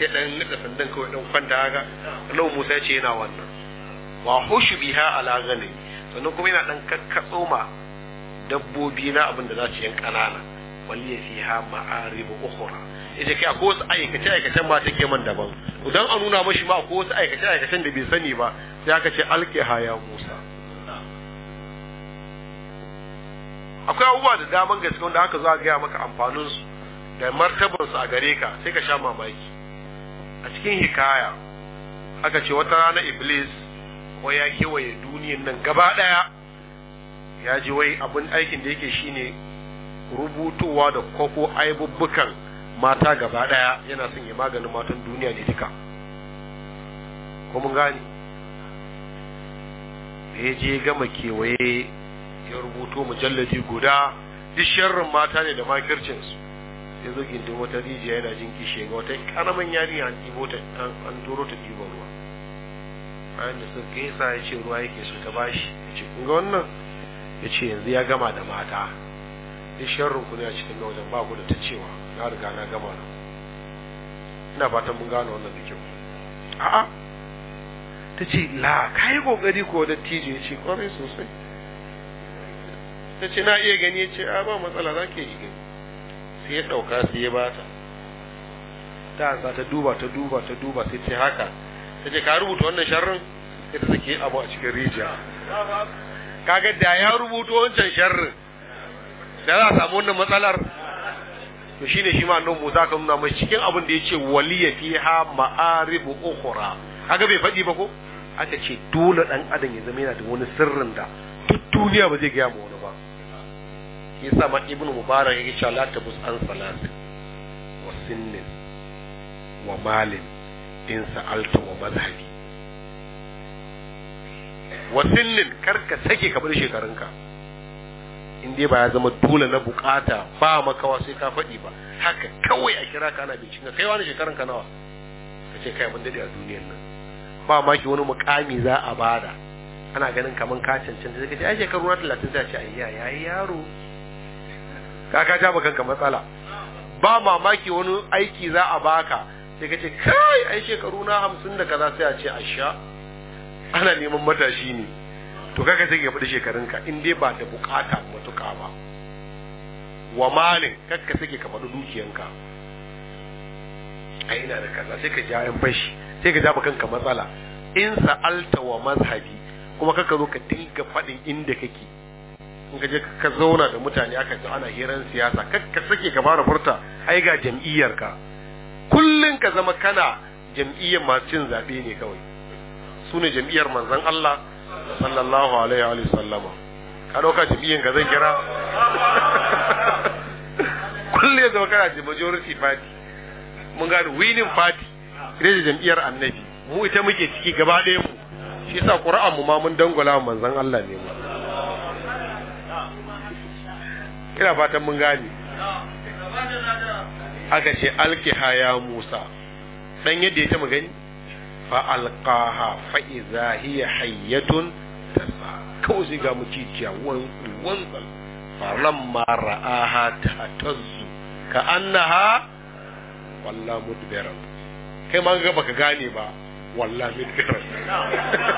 sai dan nika sandan kawai dan kwanta haka Allah Musa ya ce yana wannan wa hushu biha ala ghanim sannan kuma yana dan kakkatso ma dabbobi na abin da za su yan kanana wal yafiha ma'arib ukhra yace kai akwai wasu aikace aikacen ma take man daban idan an nuna mashi ma akwai wasu aikace aikacen da bai sani ba sai aka ce alqiha ya Musa akwai abubuwa da daman gaske wanda aka zo a gaya maka amfaninsu da martabarsu a gare ka sai ka sha mamaki a cikin hikaya aka ce wata rana iblis ko ya kewaye duniyan nan gaba daya ya ji wai abin aikin da yake shine rubutuwa da kwako aibubbukan mata gaba daya yana son ya maganin matan duniya ne duka ko gani da ya je gama kewaye ya rubuto mujalladi guda duk sharrin mata ne da makircinsu ya zo gindin wata rijiya yana jin kishe ga wata karamin yari an ɗibo ta an doro ta ɗiban ruwa bayan da suka gaisa ya ce ruwa yake so ta bashi ya ce kun ga wannan ya ce yanzu ya gama da mata ya sharrin ku ne a cikin wajen ba ku da ta cewa na riga na gama da ina fatan mun gane wannan da kyau a'a ta ce la ka yi kokari ko da tijo ya ce kwarai sosai ta ce na iya gani ya ce a ba matsala za ke yi sai ya ɗauka sai ya bata ta za ta duba ta duba ta duba sai ce haka ta ce ka rubuta wannan sharrin sai ta sake abu a cikin rijiya kaga da ya rubuta wancan sharrin da za a samu wannan matsalar to shine shi ma mu za ka nuna mai cikin abin da yace waliya fiha ma'aribu ukhra kaga bai faɗi ba ko aka ce dole dan adam ya zama yana da wani sirrin da duk duniya ba zai ga mu wani yasa ma ibnu mubarak yake cewa la tabus an salat wa sinnin wa malin in sa'alta wa mazhabi wa sinnin karka sake ka bar shekarunka in dai ba ya zama dole na bukata ba makawa sai ka faɗi ba haka kawai a kira ka ana bincin kai wani shekarun ka nawa ka ce kai mun dade a duniyar nan ba ma ki wani mukami za a bada ana ganin kaman ka cancanta sai ka ce ai shekaru na 30 sai a ce ai yayi yaro kaka ja ba kanka matsala ba mamaki wani aiki za a baka sai ka ce kai ai shekaru na hamsin da kaza sai a ce asha ana neman matashi ne to kaka sai ka faɗi ka in dai ba da bukata matuka ba wa malin kaka sai ka faɗi dukiyanka ai ina da kaza sai ka ja yan sai ka ja ba kanka matsala in sa'alta wa mazhabi kuma kaka zo ka dinga faɗin inda kake in ka je ka zauna da mutane aka ji ana hiran siyasa ka ka sake ka fara furta ai ga jam'iyyar ka kullun ka zama kana jam'iyyar masu cin zaɓe ne kawai su ne jam'iyyar manzon Allah sallallahu alaihi wa sallama ka ɗauka jam'iyyar ka zan kira kullum ya zama kana da majority party mun ga winning party ita da jam'iyyar annabi mu ita muke ciki gaba ɗaya mu shi yasa qur'an mu ma mun dangwala manzon Allah ne mu ina fatan mun gane aka ce alkiha ya musa dan yadda ya ta magani fa alqaha fa idza hiya hayyatun tasa kawai sai ga muciya wan wan falamma ra'aha tatazzu ka annaha walla mudbiran kai ma ga baka gane ba walla mudbiran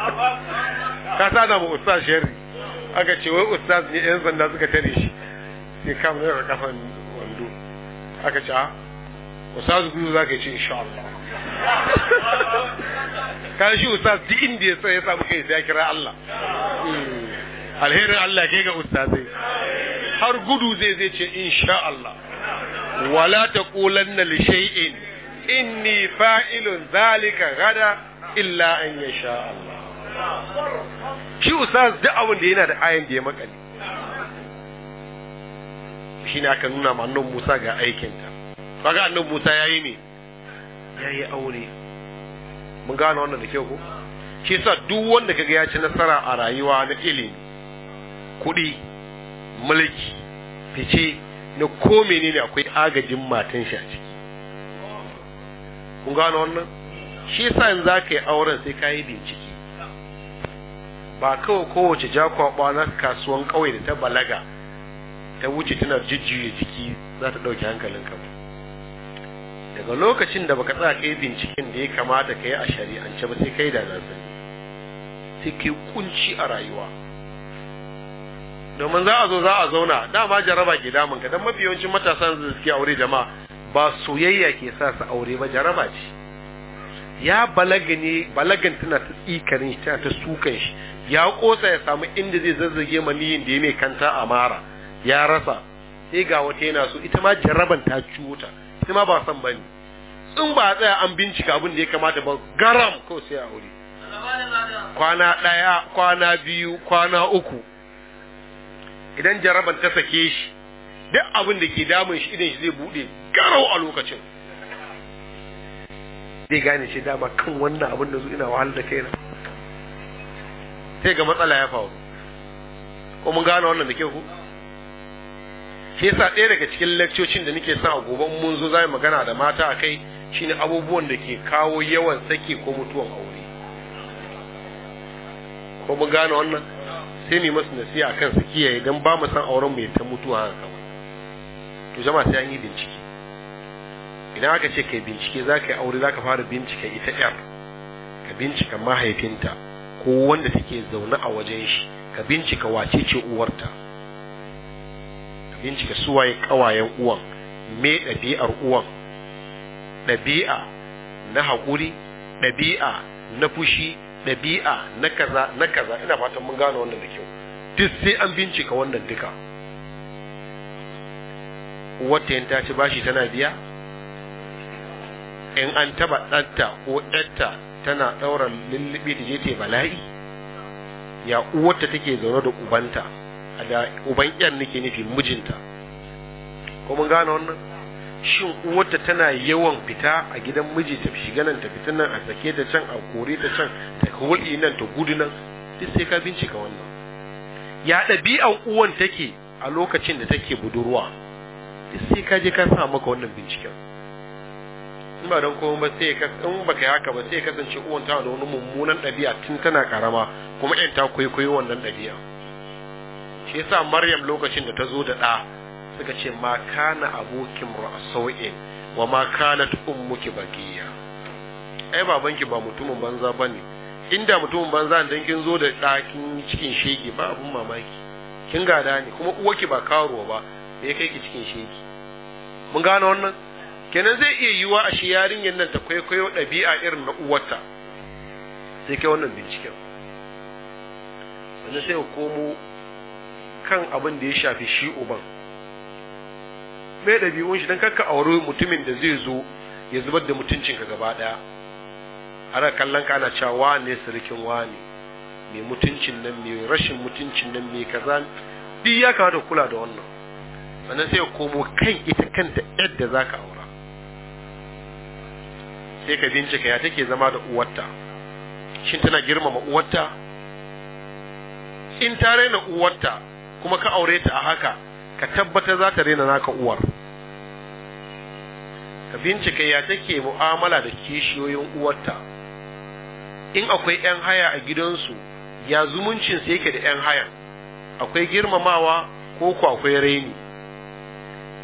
ka sana mu ustaz sherri aka ce wai ustaz ne yan sanda suka tare shi sai kama daga kafan wando aka ce a ah, ustaz gudu za ka ce insha Allah kan shi ustaz duk inda ya tsaye samu kai sai ya kira Allah alherin Allah ke ga ustazai har gudu zai zai ce insha Allah wala taqulanna li shay'in inni fa'ilun zalika gada illa an yasha Allah shi ustaz duk abin da yana da ayin da ya makale shine aka nuna ma annabi Musa ga aikinta kaga annabi Musa yayi ne yayi aure mun gane wannan da kyau ko shi yasa duk wanda kaga ya ci nasara a rayuwa na ilimi kuɗi mulki fice na ko menene akwai agajin matan shi a ciki kun gane wannan shi yasa yanzu za ka yi auren sai ka yi bincike ba kawai kowace jakwa na kasuwan kawai da ta balaga ta wuce tana jujjuya jiki za ta ɗauki hankalin ka daga lokacin da baka tsaka kai binciken da ya kamata ka yi a shari'ance ba sai kai da na sani sai kai kunci a rayuwa domin za a zo za a zauna dama jaraba ke damun ka don mafi yawancin matasa yanzu suke aure jama'a ba soyayya ke sa su aure ba jaraba ce ya balaga ne balagan tana ta tsikarin shi tana ta sukan shi ya kosa ya samu inda zai zazzage ma miyin da ya mai kanta a mara ya rasa sai ga wata yana so ita ma jaraban ta ciwota ita ma ba san ba ne tsun ba a tsaya an bincika abin da ya kamata ba garam ko sai a wuri kwana ɗaya kwana biyu kwana uku idan jaraban ta sake shi duk abin da ke damun shi idan shi zai buɗe garau a lokacin zai gane shi dama kan wannan abin da zo ina wahalar da kaina sai ga matsala ya faru ko mun gane wannan da ke ku shi yasa ɗaya daga cikin lakcocin da nake sa a goban mun zo zai magana da mata a kai shine abubuwan da ke kawo yawan saki ko mutuwan aure ko mun gane wannan sai ne masu nasiha akan su kiyaye dan ba mu san auren mu ta mutuwa haka kawai to jama'a sai an yi bincike idan aka ce kai bincike za ka yi aure za ka fara bincike ita yar ka bincika mahaifinta ko wanda take zaune a wajen shi ka bincika wace ce uwarta bincika suwaye kawayen uwan me ɗabi'ar uwan ɗabi'a na hakuri, ɗabi'a na fushi ɗabi'a na kaza na kaza ina fatan mun gane wannan da kyau duk sai an bincika wannan duka wata yin ta bashi tana biya in an taba ɗanta ko ɗanta tana ɗaura lullubi da je ta bala'i ya uwarta take zaune da ubanta da uban yan nake nufi mijinta ko mun gane wannan shin uwarta tana yawan fita a gidan miji ta shiga nan ta fita nan a sake ta can a kore ta can ta hulɗi nan ta gudu nan duk sai ka bincika wannan ya ɗabi'an uwan take a lokacin da take budurwa duk sai ka je ka sa maka wannan binciken in ba don kuma sai ka in baka haka ba sai kasance uwan tana da wani mummunan ɗabi'a tun tana karama kuma ƴan ta kwaikwayo wannan ɗabi'a shi yasa maryam lokacin da ta zo da ɗa suka ce ma kana abokin ra'asau'in wa ma kanat ummuki bagiya ai babanki ba mutumin banza bane inda mutumin banza dan kin zo da ɗa kin cikin shege ba abun mamaki kin gada ne kuma uwarki ba karuwa ba me kai ki cikin shege mun gane wannan kenan zai iya yiwa a shi yarinyar nan ta kwaikwayo ɗabi'a irin na uwarta sai kai wannan binciken wannan sai ku komo kan abin da ya shafi shi uban mai ɗabi'un shi don kakka auri mutumin da zai zo ya zubar da mutuncinka gaba ɗaya ana kallon ka ana cewa wane sirikin wane mai mutuncin nan mai rashin mutuncin nan mai kaza duk ya kamata kula da wannan sannan sai ya komo kan ita kanta yadda za ka aura sai ka bincika ya take zama da uwarta shin tana girmama uwarta in ta raina uwarta kuma ka aure ta a haka ka tabbata za ta rena naka uwar ka bincika ya take mu'amala da kishiyoyin uwarta in akwai 'yan haya a gidansu ya zumuncinsu yake da 'yan haya akwai girmamawa ko kwakwai raini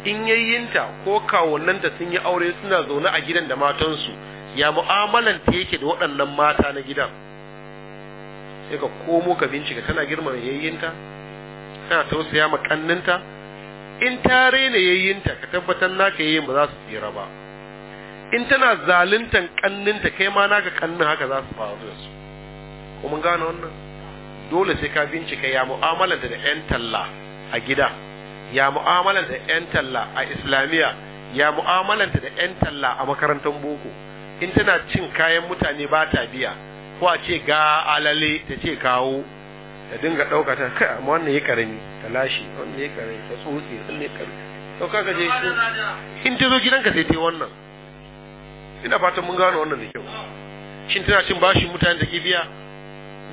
in yayyinta ko kawunanta sun yi aure suna zaune a gidan da matansu ya mu'amalanta yake da waɗannan mata na gidan sai ka komo ka bincika tana girmama yayyinta tana tausaya ma kanninta in ta rena yayyinta ka tabbatar naka yayin ba za su tsira ba in tana zaluntan kanninta kai ma naka kannin haka za su faru da su ko mun gane wannan dole sai ka bincika ya mu'amala da yan talla a gida ya mu'amala da yan talla a islamiyya ya mu'amala da yan talla a makarantar boko in tana cin kayan mutane ba ta biya ko a ce ga alale ta ce kawo ta dinga ɗauka ta kai amma wannan ya karami ta lashe wannan ya karami ta tsotse wannan ya karami ɗauka ka je shi. in ta zo gidanka sai ta yi wannan ina fatan mun gano wannan da kyau shin tana cin bashin mutane da kibiya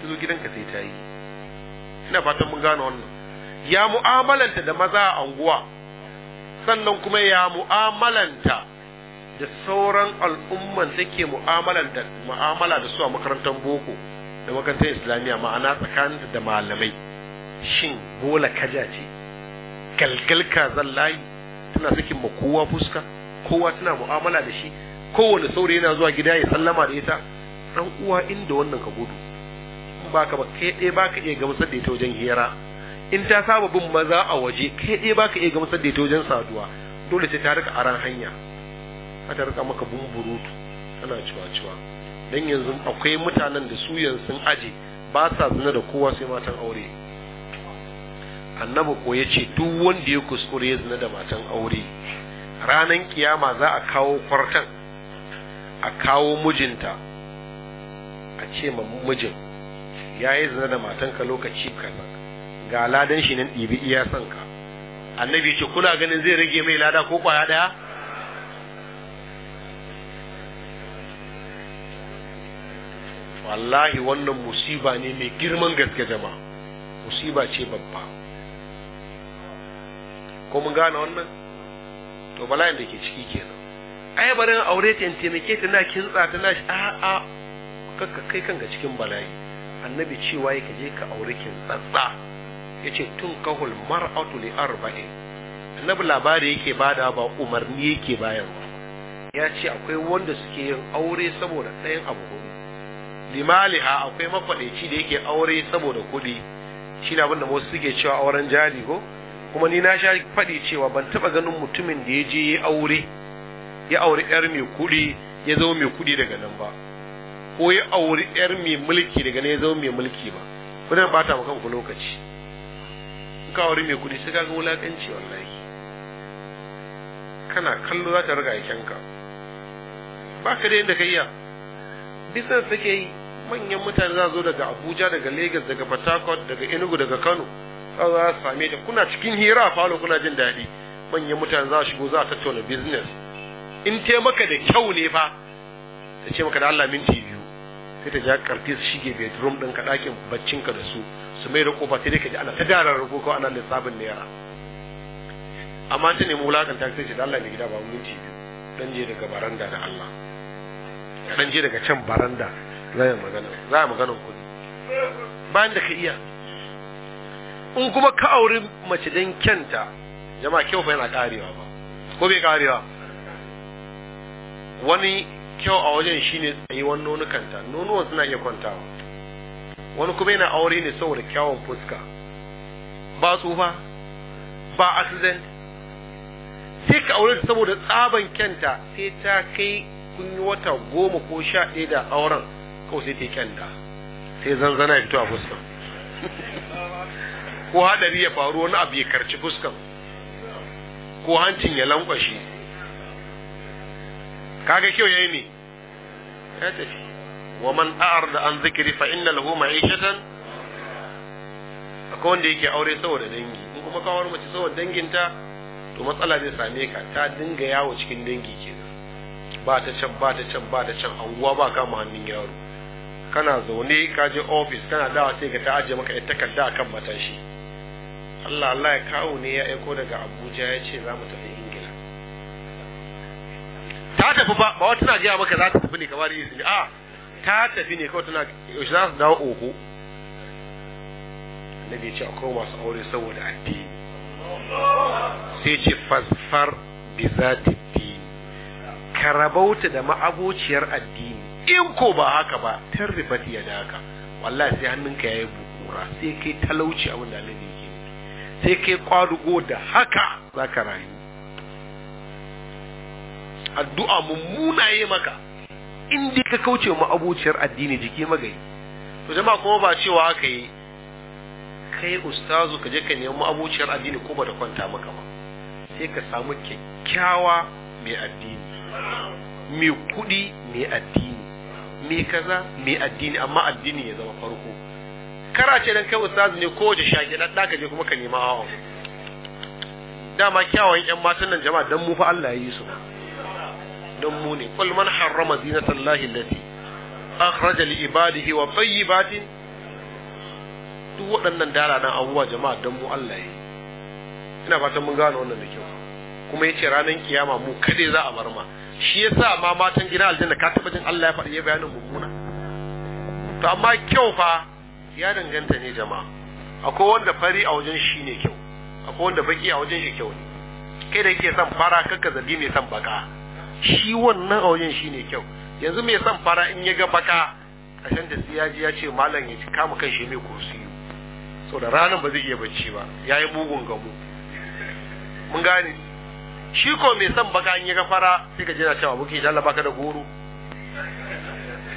ta zo gidanka sai ta yi ina fatan mun gano wannan ya mu'amalanta da maza a anguwa sannan kuma ya mu'amalanta da sauran al'umman take mu'amala da su a makarantar boko da makarantar islamiyya ma'ana tsakanin da malamai shin bola kaja ce galgal layi tana sakin ma kowa fuska kowa tana mu'amala da shi kowane saurayi yana zuwa gida ya sallama da ita dan uwa inda wannan ka gudu in baka ba kai ɗaya baka iya gamsar da ita wajen hira in ta saba bin maza a waje kai ɗaya baka iya gamsar da ita wajen saduwa dole sai ta rika aran hanya ta rika maka bumburutu tana ciwa-ciwa don yanzu akwai mutanen da su yanzu sun aje ba sa zina da kowa sai matan aure annabi ko ya ce duk wanda ya kuskure ya zina da matan aure ranan kiyama za a kawo kwartan a kawo mijinta a ce ma mijin ya yi zina da matanka lokaci kaza ga ladan shi nan ɗibi iya son ka annabi ce kuna ganin zai rage mai lada ko kwaya ɗaya wallahi wannan musiba ne mai girman gaske jama. musiba ce babba ko mun gane wannan to bala'in da ke ciki kenan ai barin aure ta taimake ta na kintsa ta na a a kakka kai kanka cikin bala'i annabi cewa ya kaje ka aure kintsatsa ce tun kahul mar'atu li arba'in annabi labari yake bada ba umarni yake bayarwa ya ce akwai wanda suke yin aure saboda ɗayan abu limaliha akwai makwadaici da yake aure saboda kuɗi shi ne abinda wasu suke cewa auren jari ko kuma ni na sha faɗi cewa ban taɓa ganin mutumin da ya je ya aure ya aure yar mai kuɗi ya zama mai kuɗi daga nan ba ko ya aure yar mai mulki daga nan ya zama mai mulki ba kuna bata maka ku lokaci ka aure mai kuɗi sai ga wulakanci wallahi kana kallo za ta riga yakenka ba ka da yadda ka iya business suke yi manyan mutane za zo daga abuja daga lagos daga port daga enugu daga kano za za su same ta kuna cikin hira a falo kuna jin daɗi manyan mutane za su shigo za a tattauna business in te maka da kyau ne fa ta ce maka da allah minti biyu sai ta ja karfi su shige bedroom ɗinka ɗakin ka da su su mai da kofa sai dai ka ji ana ta dara rago ko ana lissafin naira amma ta nemi wulakanta sai ce da allah mai gida ba minti biyu dan je daga baranda da allah dan je daga can baranda za magana za magana kuɗi bayan da ka iya in kuma ka auri mace dan kyanta jama'a kyau fa yana karewa ba ko bai karewa wani kyau a wajen shine tsayuwan nonukanta nonuwan suna iya kwantawa wani kuma yana aure ne saboda kyawun fuska ba tsufa ba accident sai ka aure saboda tsaban kyanta sai ta kai kun yi wata goma ko sha ɗaya da auren kawai sai ta kyanda sai zanzana ya fito a fuskan ko hadari ya faru wani abu ya karci fuskan ko hancin ya lankwashe kaga kyau yayi ne ya tafi wa man da an zikiri fa inna lahu ma'ishatan akwai wanda yake aure saboda dangi in kuma kawar mace saboda danginta to matsala zai same ka ta dinga yawo cikin dangi kenan ba ta can ba ta can ba ta can anguwa ba kama hannun yaro kana zaune ka je ofis kana dawa sai ka ta aje maka ita takarda akan matashi Allah Allah ya kawo ne ya aiko daga Abuja ya ce za mu tafi Ingila ta tafi ba ba wata na gaya maka za ta tafi ne kamar yi a ta tafi ne kawai tana yaushe za su dawo oho annabi ce akwai masu aure saboda addini sai ce fasfar bi zati ka rabauta da ma'abociyar addini in ko ba haka ba tun ribat ya daka wallahi sai hannunka yayi bukura sai kai talauci abin da Allah yake sai kai kwadugo da haka zaka rayu addu'a mummuna yi maka in dai ka kauce ma abociyar addini jiki magai to jama'a kuma ba cewa haka yi kai ustazu ka je ka nemi abociyar addini ko ba da kwanta maka ba sai ka samu kyakkyawa mai addini mai kuɗi mai addini mai kaza mai addini amma addini ya zama farko kara ce dan kai ustazu ne kowace shage dan ka je kuma ka nema hawa dama kyawun yan matan nan jama'a dan mu fa Allah ya yi su dan mu ne kul man harrama zinatallahi allati akhraja li ibadihi wa tayyibatin duk waɗannan dara dan abubuwa jama'a dan mu Allah ya yi ina fatan mun gane wannan da kyau kuma yace ranar kiyama mu kade za a bar ma shi ya sa ma matan gina aljanna ka taba jin Allah ya faɗi ya bayanin mummuna to amma kyau fa ya danganta ne jama'a akwai wanda fari a wajen shi ne kyau akwai wanda baki a wajen shi kyau ne kai da yake son fara kakka zabi mai son baka shi wannan a wajen shi ne kyau yanzu mai son fara in ya ga baka kashin da ji ya ce malam ya ci kama kan shi mai kursiyu so da ranar ba zai iya bacci ba ya yi mugun gamu mun gane shi ko mai son baka an yi gafara sai ka jira cewa abokin shi Allah baka da goro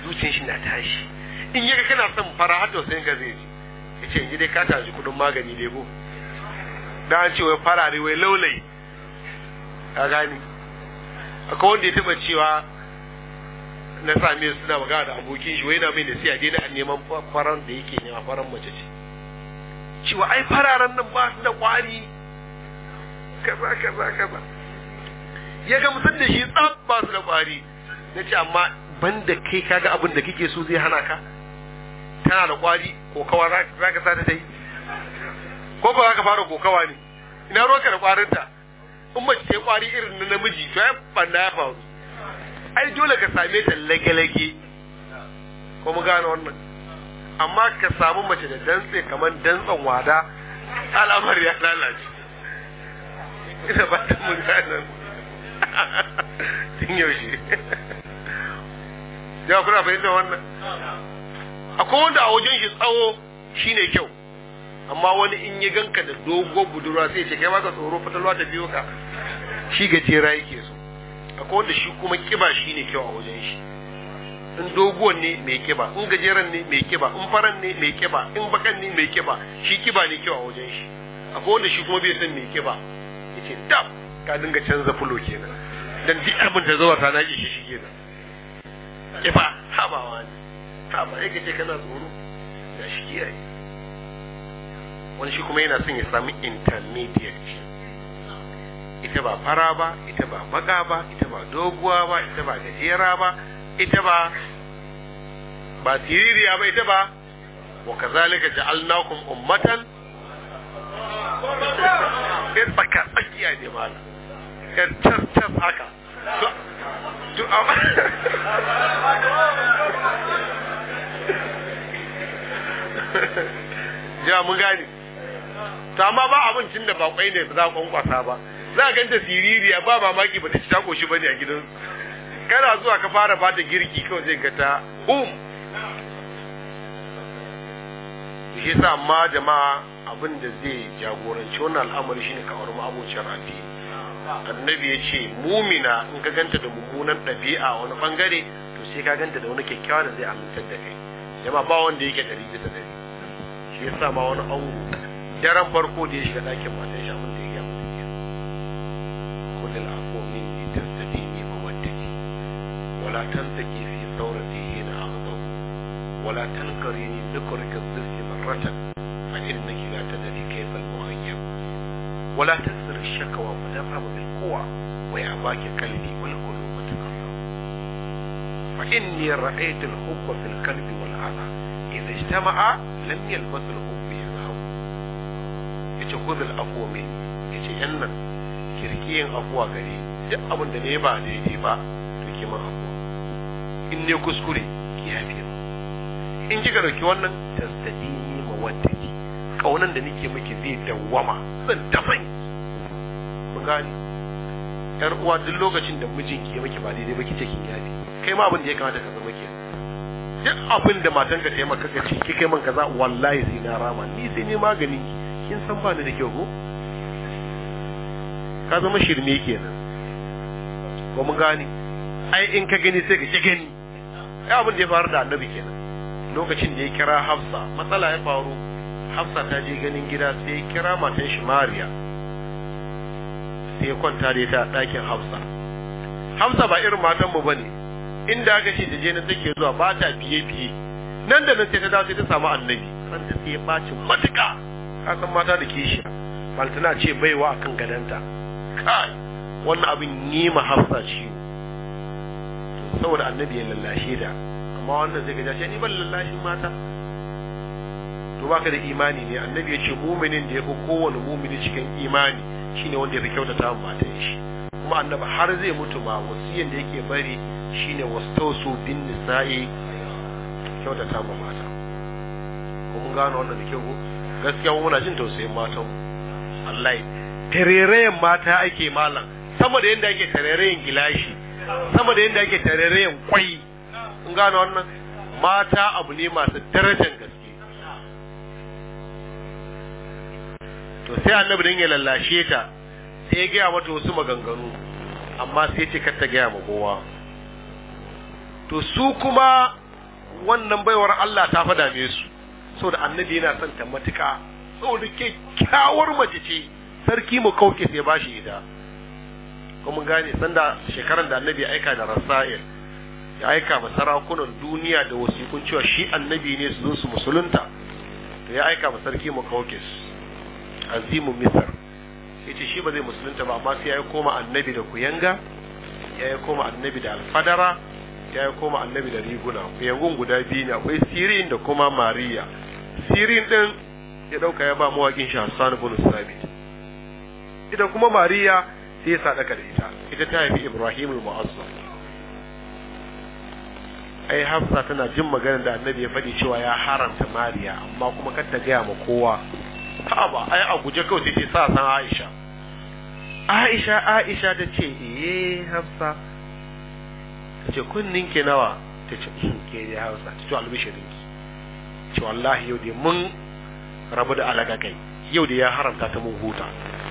zuciyar shi na tashi in yaga kana son fara har da sai ka zai ji yace ce ji dai ka tashi kudin magani ne ko da an ce wai farare wai laulai ka gani akwai wanda ya taba cewa na same su suna magana da abokin shi wai na mai nasiya dai na neman faran da yake nema faran mace ce cewa ai fararen nan ba su da kwari kaza kaza kaza ya gamsar da shi tsab ba su da kwari na ce amma da kai kaga abin da kike so zai hana ka tana da kwari ko kawa za ka sa ta dai ko ba za ka fara kokawa ne ina ka da kwarinta in mace ce kwari irin na namiji to ya banda ya faru ai dole ka same ta lage-lage ko mu gane wannan amma ka samu mace da dantse kamar dantsen wada al'amari ya lalace ina ba ta mun gane tun yaushe ya kuna fahimtar wannan akwai wanda a wajen shi tsawo shine kyau amma wani in ya ganka da dogo budurwa sai ce kai baka tsoro fatalwa ta biyo ka shi gajera yake so akwai wanda shi kuma kiba shi ne kyau a wajen shi in doguwan ne mai kiba in gajeren ne mai kiba in faran ne mai kiba in bakan ne mai kiba shi kiba ne kyau a wajen shi akwai wanda shi kuma bai san mai kiba yace dab ka dinga canza fulo kenan dan duk abin da zuwa sana ki shi kenan kifa habawa ne haba ai kace kana tsoro da shi yi. wani shi kuma yana son ya sami intermediate ce ita ba fara ba ita ba baka ba ita ba doguwa ba ita ba gajera ba ita ba ba siririya ba ita ba wa kazalika ja'alnakum ummatan ka tsakiya ne ba gangan cas cas haka to amma ja to amma ba abincin da bakwai ne ba za a kwankwasa ba za a ganta siririya ba mamaki ba ta ci ta koshi bane a gidan kana zuwa ka fara bada girki kawai zai ga ta um shi sa amma jama'a abin da zai jagoranci wannan al'amari shine kawar mu abincin rafi annabi ya ce mumina in ka ganta da mummunan ɗabi'a wani ɓangare to sai ka ganta da wani kyakkyawa da zai amintar da kai jama ba wanda yake ɗari bisa ɗari shi ya sa ma wani ango daren farko da ya shiga ɗakin ya shi abin da ya gama da ke kullum ne. min ni tasdadi ni ma wadda ke wala tansaki fi saurati hina aghdabu wala tankari ni dhikrika dhikri marratan fa innaki ta. ولا تنزل الشكوى وتفهم بالقوى ويعباك قلبي والقلوب تكره فإني رأيت الحب في القلب والأذى إذا اجتمع لم يلبث الحب يذهب yace khudh al-afwa yan nan kirkiyin afuwa gare duk abin da ne ba daidai ba to ki man afuwa in ne kuskure ki yafe in kika dauki wannan tastadini ma wanda kaunan da nake miki zai dawwama wannan dafai mu gani yar uwa duk lokacin da mijinki ya miki ba daidai ba kike kin yafi kai ma abin da ya kamata ka zama kenan duk abin da matan ka taimaka ka ce ki kai man kaza wallahi sai na rama ni sai ne magani kin san ba ni da kyau ko ka zama shirme kenan ko mun gani ai in ka gani sai ka ki gani ai abin da ya faru da annabi kenan lokacin da ya kira hafsa matsala ya faru hafsa ta je ganin gida sai ya kira matan shi mariya sai ya kwanta da ita a ɗakin hafsa hafsa ba irin matan mu bane inda aka ce ta je na take zuwa ba ta fiye fiye nan da nan sai ta dawo sai ta samu annabi ran ta sai ya ɓaci matuƙa ka san mata da kishiya baltana ce baiwa akan gadanta kai wannan abin yi ma hafsa ciwo saboda annabi ya lallashe da amma wannan zai gaja ni ban lallashin mata to baka da imani ne annabi ya ce muminin da ya fi kowane mumini cikin imani shine wanda ya fi kyautata wa matan shi kuma annabi har zai mutu ma wasiyan da yake bari shine wastausu bin nisa'i kyautata ma mata ko mun gano wannan da kyau gaskiya muna jin tausayin matan Allah tarerayen mata ake malam sama da yadda ake tarerayen gilashi sama da yadda ake tarerayen kwai mun gano wannan mata abu ne masu darajar to sai annabi din ya lallashe ta sai ya gaya mata wasu maganganu amma sai ce kar ta gaya ma kowa to su kuma wannan baiwar Allah ta fada me su saboda annabi yana son ta matuka saboda kyakkyawar mace ce sarki mu kauke sai ba shi ita kuma gane sanda shekaran da annabi ya aika da rasail ya aika ma sarakunan duniya da wasikun cewa shi annabi ne su zo su musulunta to ya aika ma sarki mu kauke su azimu misir yace shi ba zai musulunta ba amma sai ya koma annabi da kuyanga ya yi koma annabi da alfadara ya yi koma annabi da riguna kuyangun guda biyu ne akwai sirin da kuma mariya sirin din ya dauka ya ba mawakin shi hassan bin sabit ita kuma mariya sai ya sadaka da ita ita ta haifi ibrahim al-mu'azzam ai hafsa tana jin maganar da annabi ya faɗi cewa ya haramta mariya amma kuma kar ta gaya ma kowa Ka'aba ai a guje kawai take ce sa san Aisha Aisha Aisha ta ce eh Hafsa ta ce kunnin ki nawa ta ce hmm, ke ya Hafsa ta ce albishirin ki ce wallahi yau dai mun rabu da alaka kai yau da ya haramta ta mun huta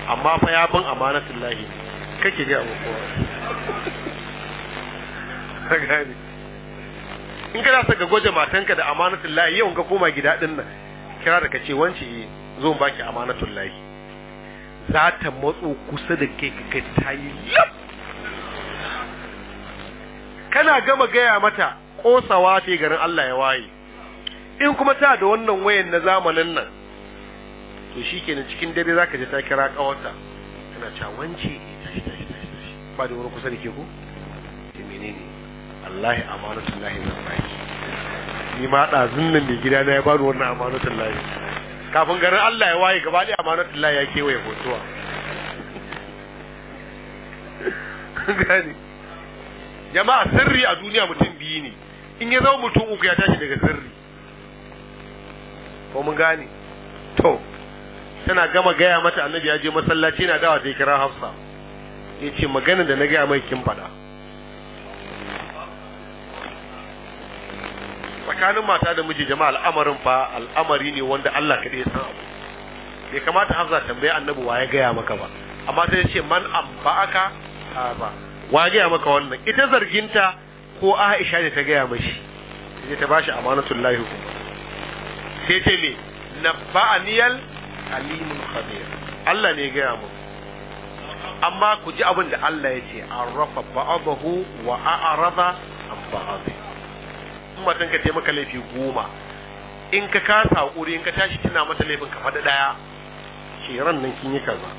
amma fa ya bin amanatul lahi kake ji abu ko gani in kana saka gwaje matanka da amanatul lahi yau ka koma gida din nan kira da kace wance eh zo baki amanatul lahi za ta matso kusa da kai ka kai ta yi lab kana gama gaya mata kosawa ta garin Allah ya waye in kuma ta da wannan wayan na zamanin nan to shi kenan cikin dare za ka je ta kira kawarta tana cewa wance eh, ba da wani kusa da ke ko ce menene Allah amanatul lahi zan baki ni ma ɗazun nan mai gida na ya bani wannan amanatul lahi kafin garin Allah ya waye gaba da amanatullahi ya kewaye hotuwa jama'a sirri a duniya mutum biyu ne in ya zama mutum uku ya tashi daga sirri ko mun gane to tana gama gaya mata annabi ya je masallaci yana dawa sai kira hafsa ya ce maganin da na gaya mai kin faɗa tsakanin mata da miji jama'a al'amarin fa al'amari ne wanda Allah kaɗai ya san abu bai kamata Hafsa tambaye annabi wa ya gaya maka ba amma sai ce man amba'aka ba wa ya gaya maka wannan ita zarginta ko Aisha ne ta gaya mashi sai ta bashi amanatullahi hukuma sai ce me nabba'aniyal alimul khabir Allah ne ya gaya mu amma ku ji abin da Allah ya ce arrafa ba'dahu wa a'rada an ba'dahu in matan ka je maka laifi goma in ka kasa hakuri in ka tashi tuna mata laifin ka faɗi ɗaya ke ran nan kin yi kaza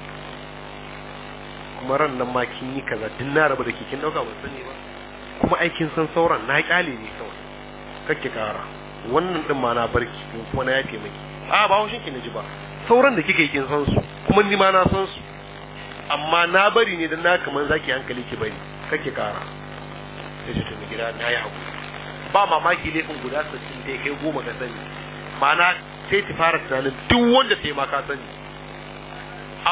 kuma ran nan ma kin yi kaza din na rabu da ke kin ɗauka ba sani ba kuma aikin san sauran na ƙyale ne kawai kake ƙara wannan ɗin ma na barki kuma na yafe miki a ba haushin ki na ji ba sauran da kika yi kin san su kuma ni ma na san su amma na bari ne dan na kaman zaki hankali ki bari kake ƙara sai ta mi gida na yi hakuri ba mamaki ne laifin guda sassin da ya kai goma ka sani ma'ana sai ta fara tunanin duk wanda sai ma ka sani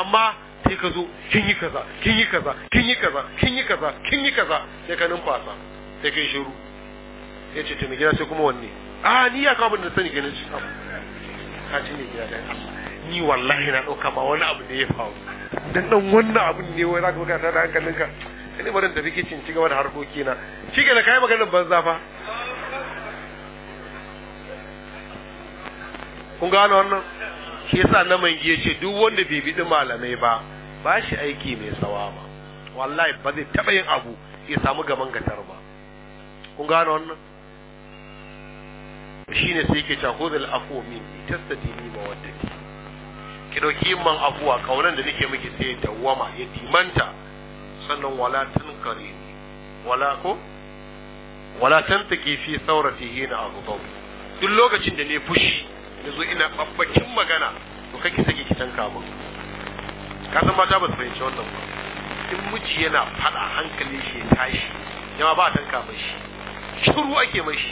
amma sai ka zo kin yi kaza kin yi kaza kin yi kaza kin yi kaza kin yi kaza sai ka numfasa sai kai shiru sai ce tuni gida sai kuma wanne a ni ya kawo da sani ganin shi abu ka ci ne gida dan Allah ni wallahi na ɗauka ma wani abu da ya faru dan dan wannan abu ne wai za ka buga ta da hankalinka ne barin da kicin ci gaba da harkoki na shi ke da kayan maganar banza fa kun gano wannan shi yasa na mangi ya ce duk wanda bai bi malamai ba ba shi aiki mai sawaba wallahi ba zai taba yin abu ya samu gaban gatar ba kun gano wannan shine sai yake cewa khudhul afu ni ba wadda ki dauki man afuwa kaunan da nake miki sai wama ya timanta sannan wala tunkari wala ko wala ke fi sauratihi a abu duk lokacin da ne fushi Yanzu zo ina babbakin magana to kake sake ki tanka mun ka san mata ba su fahimci wannan ba in miji yana faɗa hankalin shi ya tashi yawa ba tanka shi? shiru ake shi.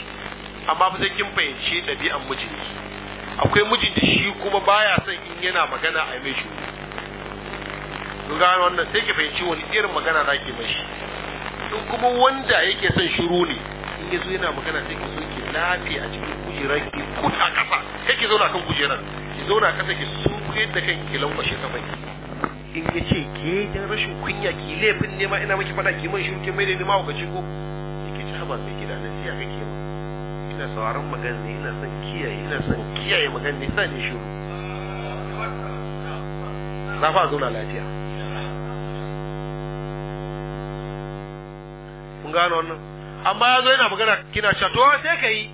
amma fa sai kin fahimci ɗabi'an mijin akwai mijin da shi kuma baya son in yana magana a mai shi. kun gano wannan sai ki fahimci wani irin magana zaki shi. in kuma wanda yake son shiru ne in ya zo yana magana sai ki zo ki lafi a cikin kujerar ki kuta kasa sai ki zauna kan kujerar ki zauna kasa ki sunkuyar da kan ki lankwashe bai in ya ce ke dan rashin kunya ki laifin ne ma ina miki fada ki man shirke mai da ma hukaci ko ki ci haba mai gida na siya kake ma ina sauraron magana ne ina son kiyaye ina son kiyaye magana ne sai ne shiru na fa zauna lafiya Mun gano wannan amma ya zo yana magana kina cewa to sai ka yi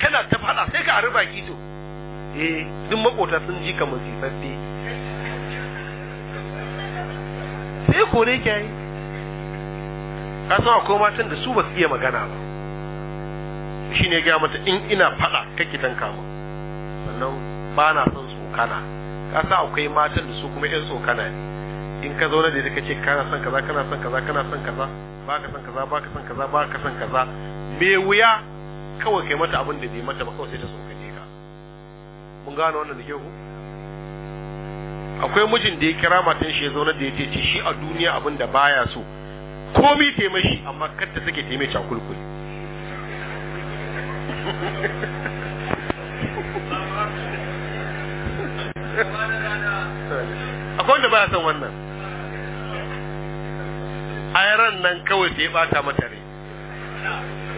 kana ta faɗa sai ka arba ki to eh duk makota sun ji ka musifaffe sai kore ki yi ka san akwai matan da su ba su iya magana ba shi ne gaya mata in ina faɗa kake tanka kama sannan ba na son tsokana ka san akwai matan da su kuma 'yan tsokana ne in ka zauna da ka ce kana son kaza kana son kaza kana son kaza ba ka san kaza ba ka san kaza ba ka san kaza me wuya kawai kai mata abin da bai mata ba kawai sai ta kaje ka mun gane wannan da ke ku akwai mijin da ya kira matan shi ya zauna da ya ce shi a duniya abin da baya so komi ta shi amma kar ta take ta mai cakulkuli akwai wanda baya son wannan ai ran nan kawai sai bata mata rai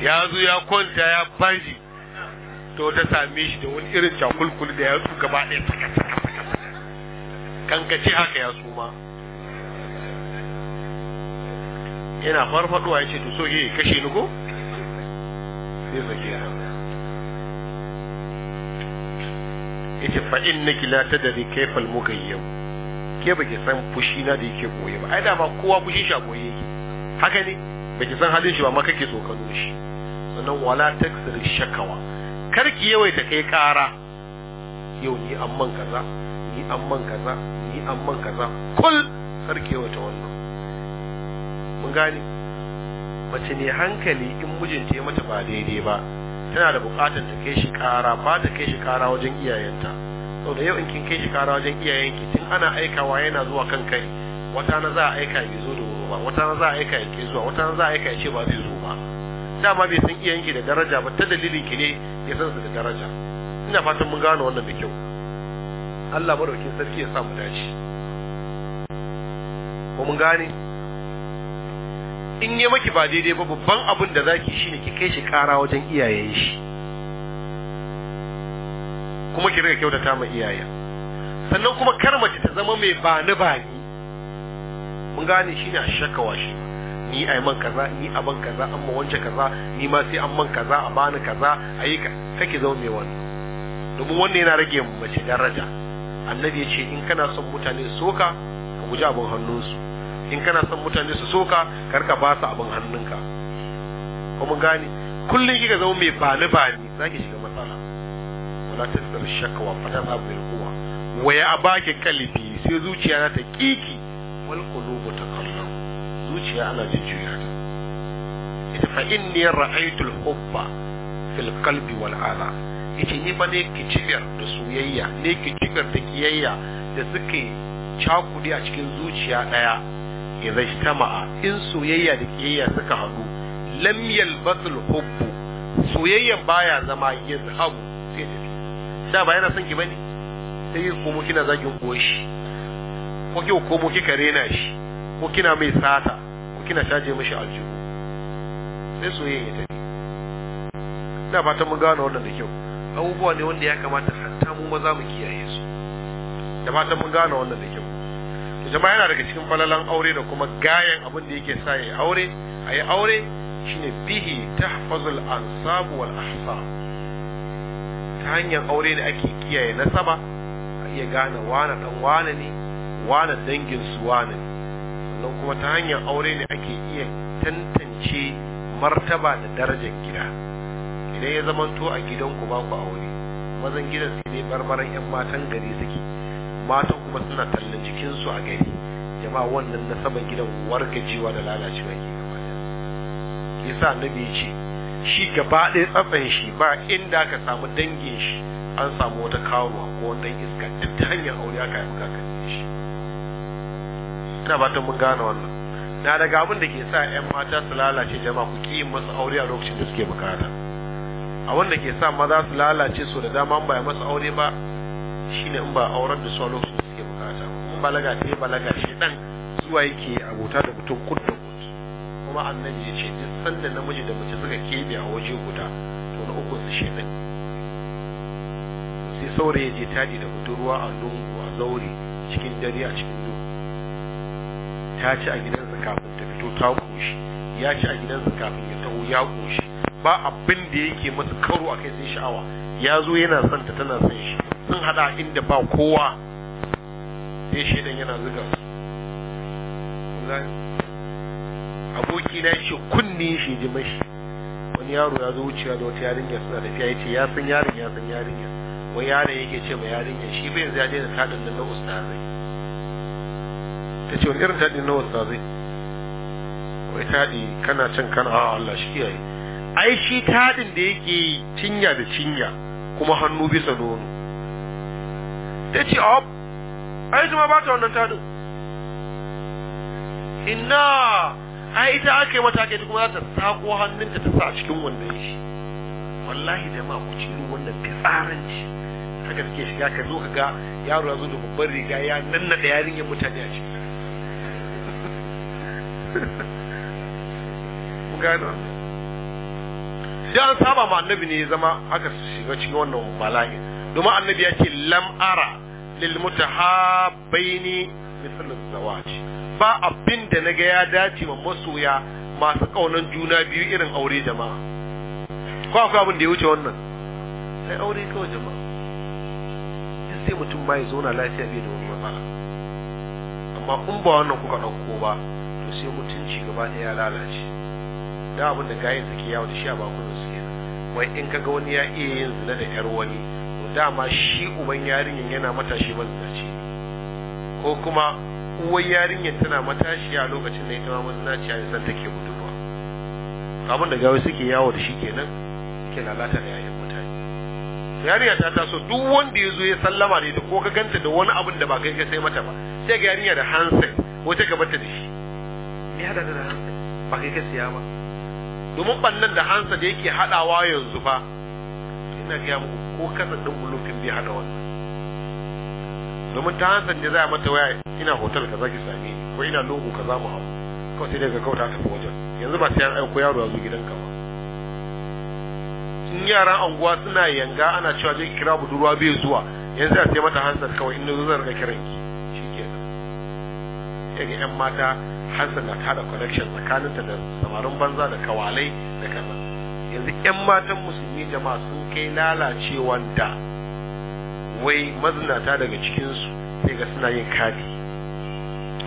ya zo ya kwanta ya bashi to ta same shi da wani irin cakulkul da ya su gaba ɗaya saka saka saka kankace haka ya suma yana farfaduwa ya ce to so ke kashe ni ko sai sake ya yace fa innaki la tadri kayfa al-mughayyab ke ke san fushi na da yake goye ba ai da ba kowa fushi shi a goye yake haka ne baki san halin shi ba ma kake tsokano shi sannan wala taksir shakawa kar ki yawaita kai kara yau ni man kaza ni man kaza ni man kaza kul kar ki ta wannan mun gane mace ne hankali in mijinta ya mata ba daidai ba tana da bukatar ta kai shi kara ba ta kai shi kara wajen iyayenta sau da yau in kin kai shi kara wajen iyayenki tun ana aikawa yana zuwa kan kai wata na za a aika ya zo da wuri ba wata na za a aika ya ke zuwa wata na za a aika ya ce ba zai zo ba dama bai san iyayenki da daraja ba ta dalilin ki ne ya san su da daraja ina fatan mun gano wannan da kyau Allah madaukin sarki ya sa mu dace ko mun gane in yi maki ba daidai ba babban abin da zaki shine ki kai shi kara wajen iyayen shi kuma ki rika kyautata ma iyaye sannan kuma kar mace ta zama mai bani bani mun gane shine a shakawa shi ni ai man kaza ni aban kaza amma wance kaza ni ma sai an man kaza a bani kaza ayi ka kake zama mai wani domin wannan yana rage mace daraja annabi ya ce in kana son mutane su soka ka guji abin hannunsu in kana son mutane su soka ka ba su abin hannunka kuma gane kullum kika zama mai bani bani zaki shiga la tasdar shakwa fa tazhab bil quwa wa ya baki kalbi sai zuciya na ta kiki wal qulubu taqallu zuciya ana jujjuya ta ita fa inni ra'aytu al hubba fil qalbi wal ala ita ni bane da soyayya ne kicibiyar da kiyayya da suke cakudi a cikin zuciya daya idza ijtama'a in soyayya da kiyayya suka haɗu lam al hubbu soyayyan baya zama yazhabu sai da ba yana son ki bane sai ki komo kina zagin shi ko ki komo kika rena shi ko kina mai sata ko kina shaje mishi aljihu sai soyayya ta ina fatan mun gane wannan da kyau abubuwa ne wanda ya kamata hatta mu maza mu kiyaye su da fatan mun gane wannan da kyau to jama'a yana daga cikin falalan aure da kuma gayan abin da yake sa ya aure ayi yi aure shine bihi tahfazul ansab wal ahsab ta hanyar aure da ake kiyaye nasaba a iya gane wane dan wane ne wane dangin su wane ne sannan kuma ta hanyar aure ne ake iya tantance martaba da darajar gida idan ya zamanto a ku ba ku aure mazan gidan su ne barbaran yan matan gari suke matan kuma suna tallan su a gari jama'a wannan nasaban gidan wargajewa da lalacewa ke gaba sa annabi ya ce shi gaba ɗaya tsatsan shi ba inda ka samu dangin shi an samu wata kawo ko wata iska duk ta hanyar aure aka yi kakanni shi ina ba ta mun gane wannan na daga abin da ke sa 'yan mata su lalace jama'a ku ƙi yin masu aure a lokacin da suke bukata a wanda ke sa maza su lalace su da dama ba ya masu aure ba shine in ba auren da su a lokacin da suke bukata in balaga ta yi balaga shi dan zuwa yake abota da mutum kudda kuma annabi ya ce duk sanda namiji da mace suka kebe a waje guda to na uku su shedan sai saurayi je tadi da budurwa a lungu a zaure cikin dare a cikin duhu ta ci a gidansa kafin ta fito ta kushi ya ci a gidansa kafin ya taho ya kushi ba abin da yake masa karo akai sai sha'awa ya zo yana son ta tana son shi sun hada inda ba kowa sai shedan yana zuga abokina ya ce kunne shi ji mashi wani yaro ya zo wucewa da wata yarinya suna tafiya ya ce ya san yarin ya san yarinya wani yaron yake ce ma yarinya shi bai yanzu ya daina taɗin nan na ustazai ta ce wani irin taɗin na ustazai wai taɗi kana can kana a Allah shi kiyaye ai shi taɗin da yake cinya da cinya kuma hannu bisa nono ta ce a ai zuma ba ta wannan taɗin inna ai ita aka yi mata aka ita kuma za ta tako hannunta ta sa cikin wannan shi wallahi ma ku ciro wannan fitsaranci haka take shiga ka zo ka ga yaro ya zo da babbar riga ya nanna da yarinyar mutane a ciki ku gano sai an saba ma annabi ne zama aka shiga cikin wannan bala'in domin annabi ya ce lam ara lil mutahabbaini misal zawaj ba abin da naga ya dace wa masoya masu kaunan juna biyu irin aure jama'a ko akwai abin da ya wuce wannan sai aure kawai jama'a duk sai mutum ma ya zauna lafiya bai da wani matsala amma in ba wannan kuka ɗauko ba to sai mutunci gaba ɗaya ya lalace da abin da gayin suke yawo da shi a bakunan su ke wai in kaga wani ya iya yin zina da ƴar wani to dama shi uban yarinyar yana matashi ban zace ko kuma uwar yarinyar tana matashiya a lokacin da ita ma mazinaciya ne san take budurwa abin da gawa suke yawo da shi kenan ke lalata da yayin mutane yarinya ta taso duk wanda ya zo ya sallama da ita ko ka ganta da wani abin da ba kai sai mata ba sai ga yarinya da hansa ta gabata da shi me hada da hansa ba kai ka siya ba domin bannan da hansa da yake hadawa yanzu fa ina ga muku ko kasa dan bulufin bai hada wannan domin ta hansan ne za a mata waya ina hotel ka zaki sami ko ina lungu kaza mu hau kawai sai dai ka kauta tafi wajen yanzu ba sai an aiko yaro ya zo gidanka ba in yaran anguwa suna yanga ana cewa zai kira budurwa bai zuwa yanzu a sai mata hansan kawai in zo zan riga kiran ki shikenan sai ga yan mata hansan na tada connection tsakanin ta da samarin banza da kawalai da kaza yanzu yan matan musulmi jama'a sun kai lalacewan da wai mazinata daga cikinsu sai ga suna yin kadi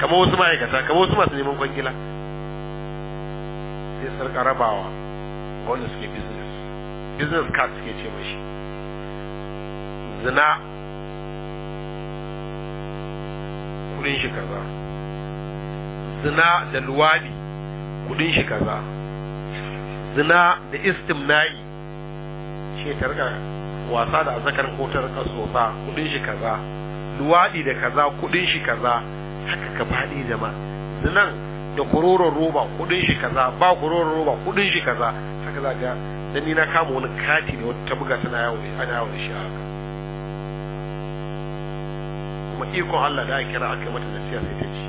kama wasu ma'aikata kama wasu masu neman kwangila sai sarka rabawa wanda suke business business card suke ce mashi zina kudin shi kaza zina da luwadi kudin shi kaza zina da istimna'i shi tarka wasa da azakar kotar ta kudin shi kaza luwadi da kaza kudin shi kaza haka ka faɗi jama'a zinan da kuroron roba kudin shi kaza ba kuroron roba kudin shi kaza haka za ga dan ni na kama wani kati da wata buga tana yawo ana yawo shi haka kuma ikon Allah da aka kira aka yi mata nasiya sai ta ci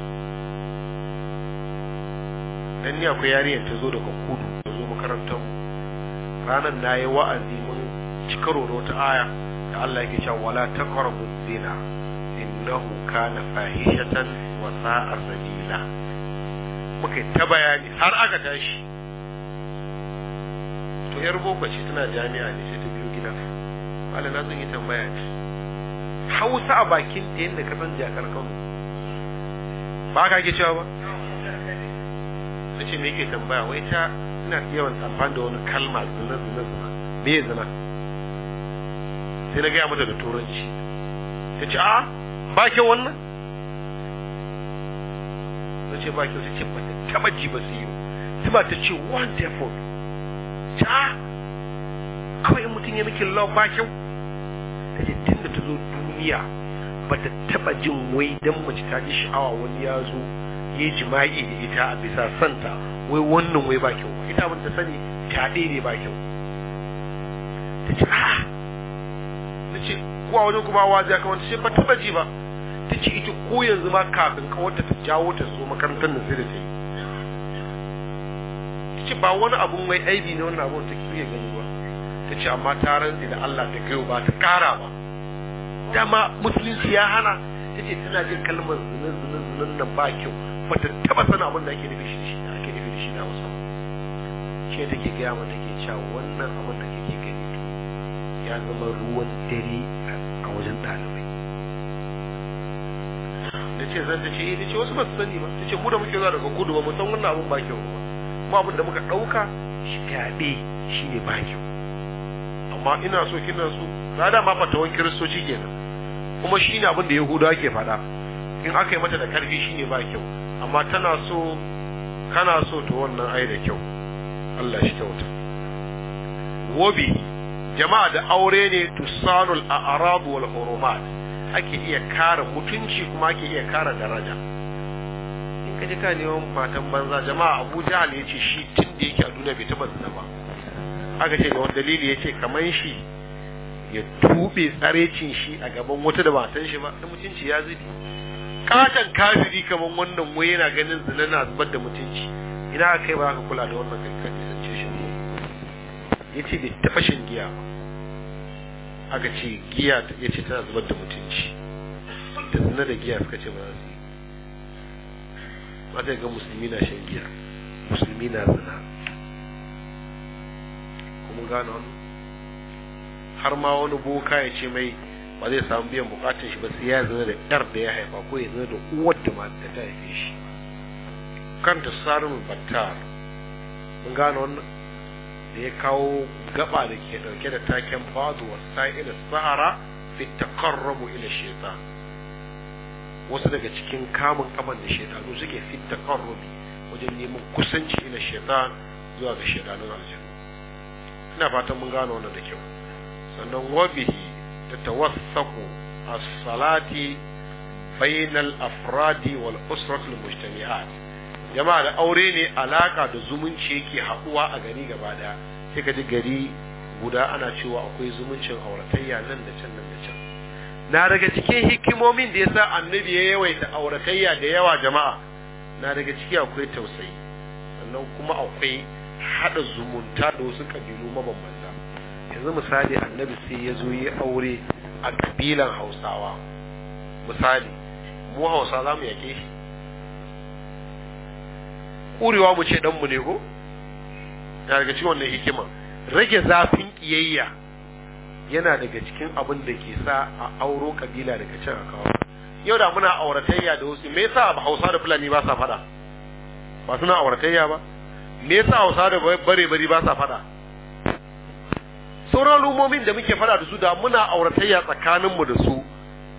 dan ni akwai yariyar ta zo daga kudu ta zo makarantar ranar na yi wa'azi ci karo da wata aya da Allah yake cewa wala taqrabu zina innahu kana fahishatan wa sa'a sabila muke ta bayani har aka tashi to yar boko ce tana jami'a ne sai ta biyo gida Allah na zan yi tambaya ce Hausa a bakin ta yadda ka san jakar Kano ba ka ke cewa ba sai ce me yake tambaya wai ta ina yawan amfani da wani kalma zina zina zina me zina sai na gaya mata da turanci ta ce a ba kyau wannan na ce ba kyau sai ce ba ta taba ji ba su yi ta ba ta ce wonderful ta kawai in mutum ya miki lau ba kyau ta ce tun da ta zo duniya ba ta taba jin wai dan mace ta ji sha'awa wani ya zo ya yi jima'i da ita a bisa santa wai wannan wai ba kyau ita abin ta sani ɗaya ne ba kyau ta ce a. ce ko a wajen kuma wazi aka wanda ce ba taba ji ba ta ce ita ko yanzu ma kafin wata ta jawo ta so makarantar nan sai da ta yi ta ce ba wani abun mai aibi ne wannan abun ta ke gani ba ta ce amma ta rantsi da Allah ta kai ba ta kara ba dama musulunci ya hana ta ce tana jin kalmar zinin zinin zinin nan ba kyau ba ta taba sana abin da ake nufi shi da ake nufi shi da wasu shi take gaya mata ke cewa wannan abin da ke ya zama ruwan dare a wajen ɗalibai da ce zan ta ce eh ce wasu ba su sani ba ta ce mu da muke zuwa daga kudu ba mu san wannan abin ba kyau ba kuma abin da muka ɗauka shi fyaɗe shi ne ba kyau amma ina so kina so na da ma fatawan kiristoci kenan kuma shi ne abin da yahudawa ke faɗa in aka yi mata da ƙarfi shi ne ba kyau amma tana so kana so to wannan ai da kyau Allah shi kyauta wobi jama'a da aure ne tusanul a'rab wal hurumat ake iya kare mutunci kuma ake iya kare daraja in ka ji ka neman fatan banza jama'a Abu Jahal yace shi tun da yake a duniya bai taba zina ba aka ce da wani dalili yace kaman shi ya tube tsarecin shi a gaban wata da ba shi ba da mutunci ya zubi katon kafiri kaman wannan wai yana ganin zina na zubar da mutunci ina kai ba ka kula da wannan kankan ya ce bai taɓa shan giya ba aka ce giya ya ce tana zubar da mutunci da zina da giya suka ce ba za su yi ba ga musulmi na shan giya musulmi na zina kuma gano wani har ma wani boka ya ce mai ba zai samu biyan bukatun shi ba sai ya zina da yar da ya haifa ko ya zina da uwar da ta haife shi kanta sarin battar mun gano wannan da ya kawo gaba da ke dauke da taken badu wa sa'ila sahara fi taqarrubu ila shaytan wasu daga cikin kamun kaban da shaytanu suke fi taqarrubi wajen neman kusanci ila shaytan zuwa ga shaytanun aljanna ina fatan mun gano wannan da kyau sannan wabihi tatawassaku as-salati bainal afradi wal usratil mujtami'at jama'a da aure ne alaka da zumunci yake haɗuwa a gari gaba daya sai ka ji gari guda ana cewa akwai zumuncin auratayya nan da can nan da can na daga cikin hikimomin da yasa annabi ya yawaita auratayya da yawa jama'a na daga ciki akwai tausayi sannan kuma akwai haɗa zumunta da wasu ƙabilu mabambanta yanzu misali annabi sai ya zo yi aure a ƙabilan hausawa misali mu hausa za mu yake shi ƙurewa mu ce ɗanmu ne ko na daga cikin wannan hikima rage zafin ƙiyayya yana daga cikin abin da ke sa a auro kabila daga can a kawo yau da muna auratayya da wasu me yasa ba hausa da fulani ba sa faɗa ba suna auratayya ba me yasa hausa da bare bari ba sa faɗa sauran lumomin da muke faɗa da su da muna auratayya tsakaninmu da su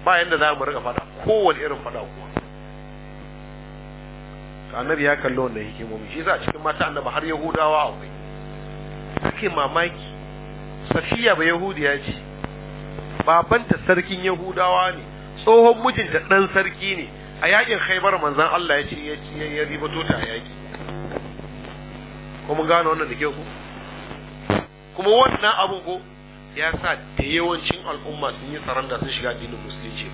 ba yanda za mu riga faɗa kowane irin faɗa kuwa annabi ya kalli wannan hikimomi shi yasa a cikin mata annaba har yahudawa akwai suke mamaki safiya ba ya ce babanta sarkin yahudawa ne tsohon mijinta dan sarki ne a yakin khaibar manzon Allah ya ce ya ribato ta a yaki kuma gano wannan da ke ku kuma wannan abu ko ya sa da yawancin al'umma sun yi tsaron da sun shiga dinin musulunci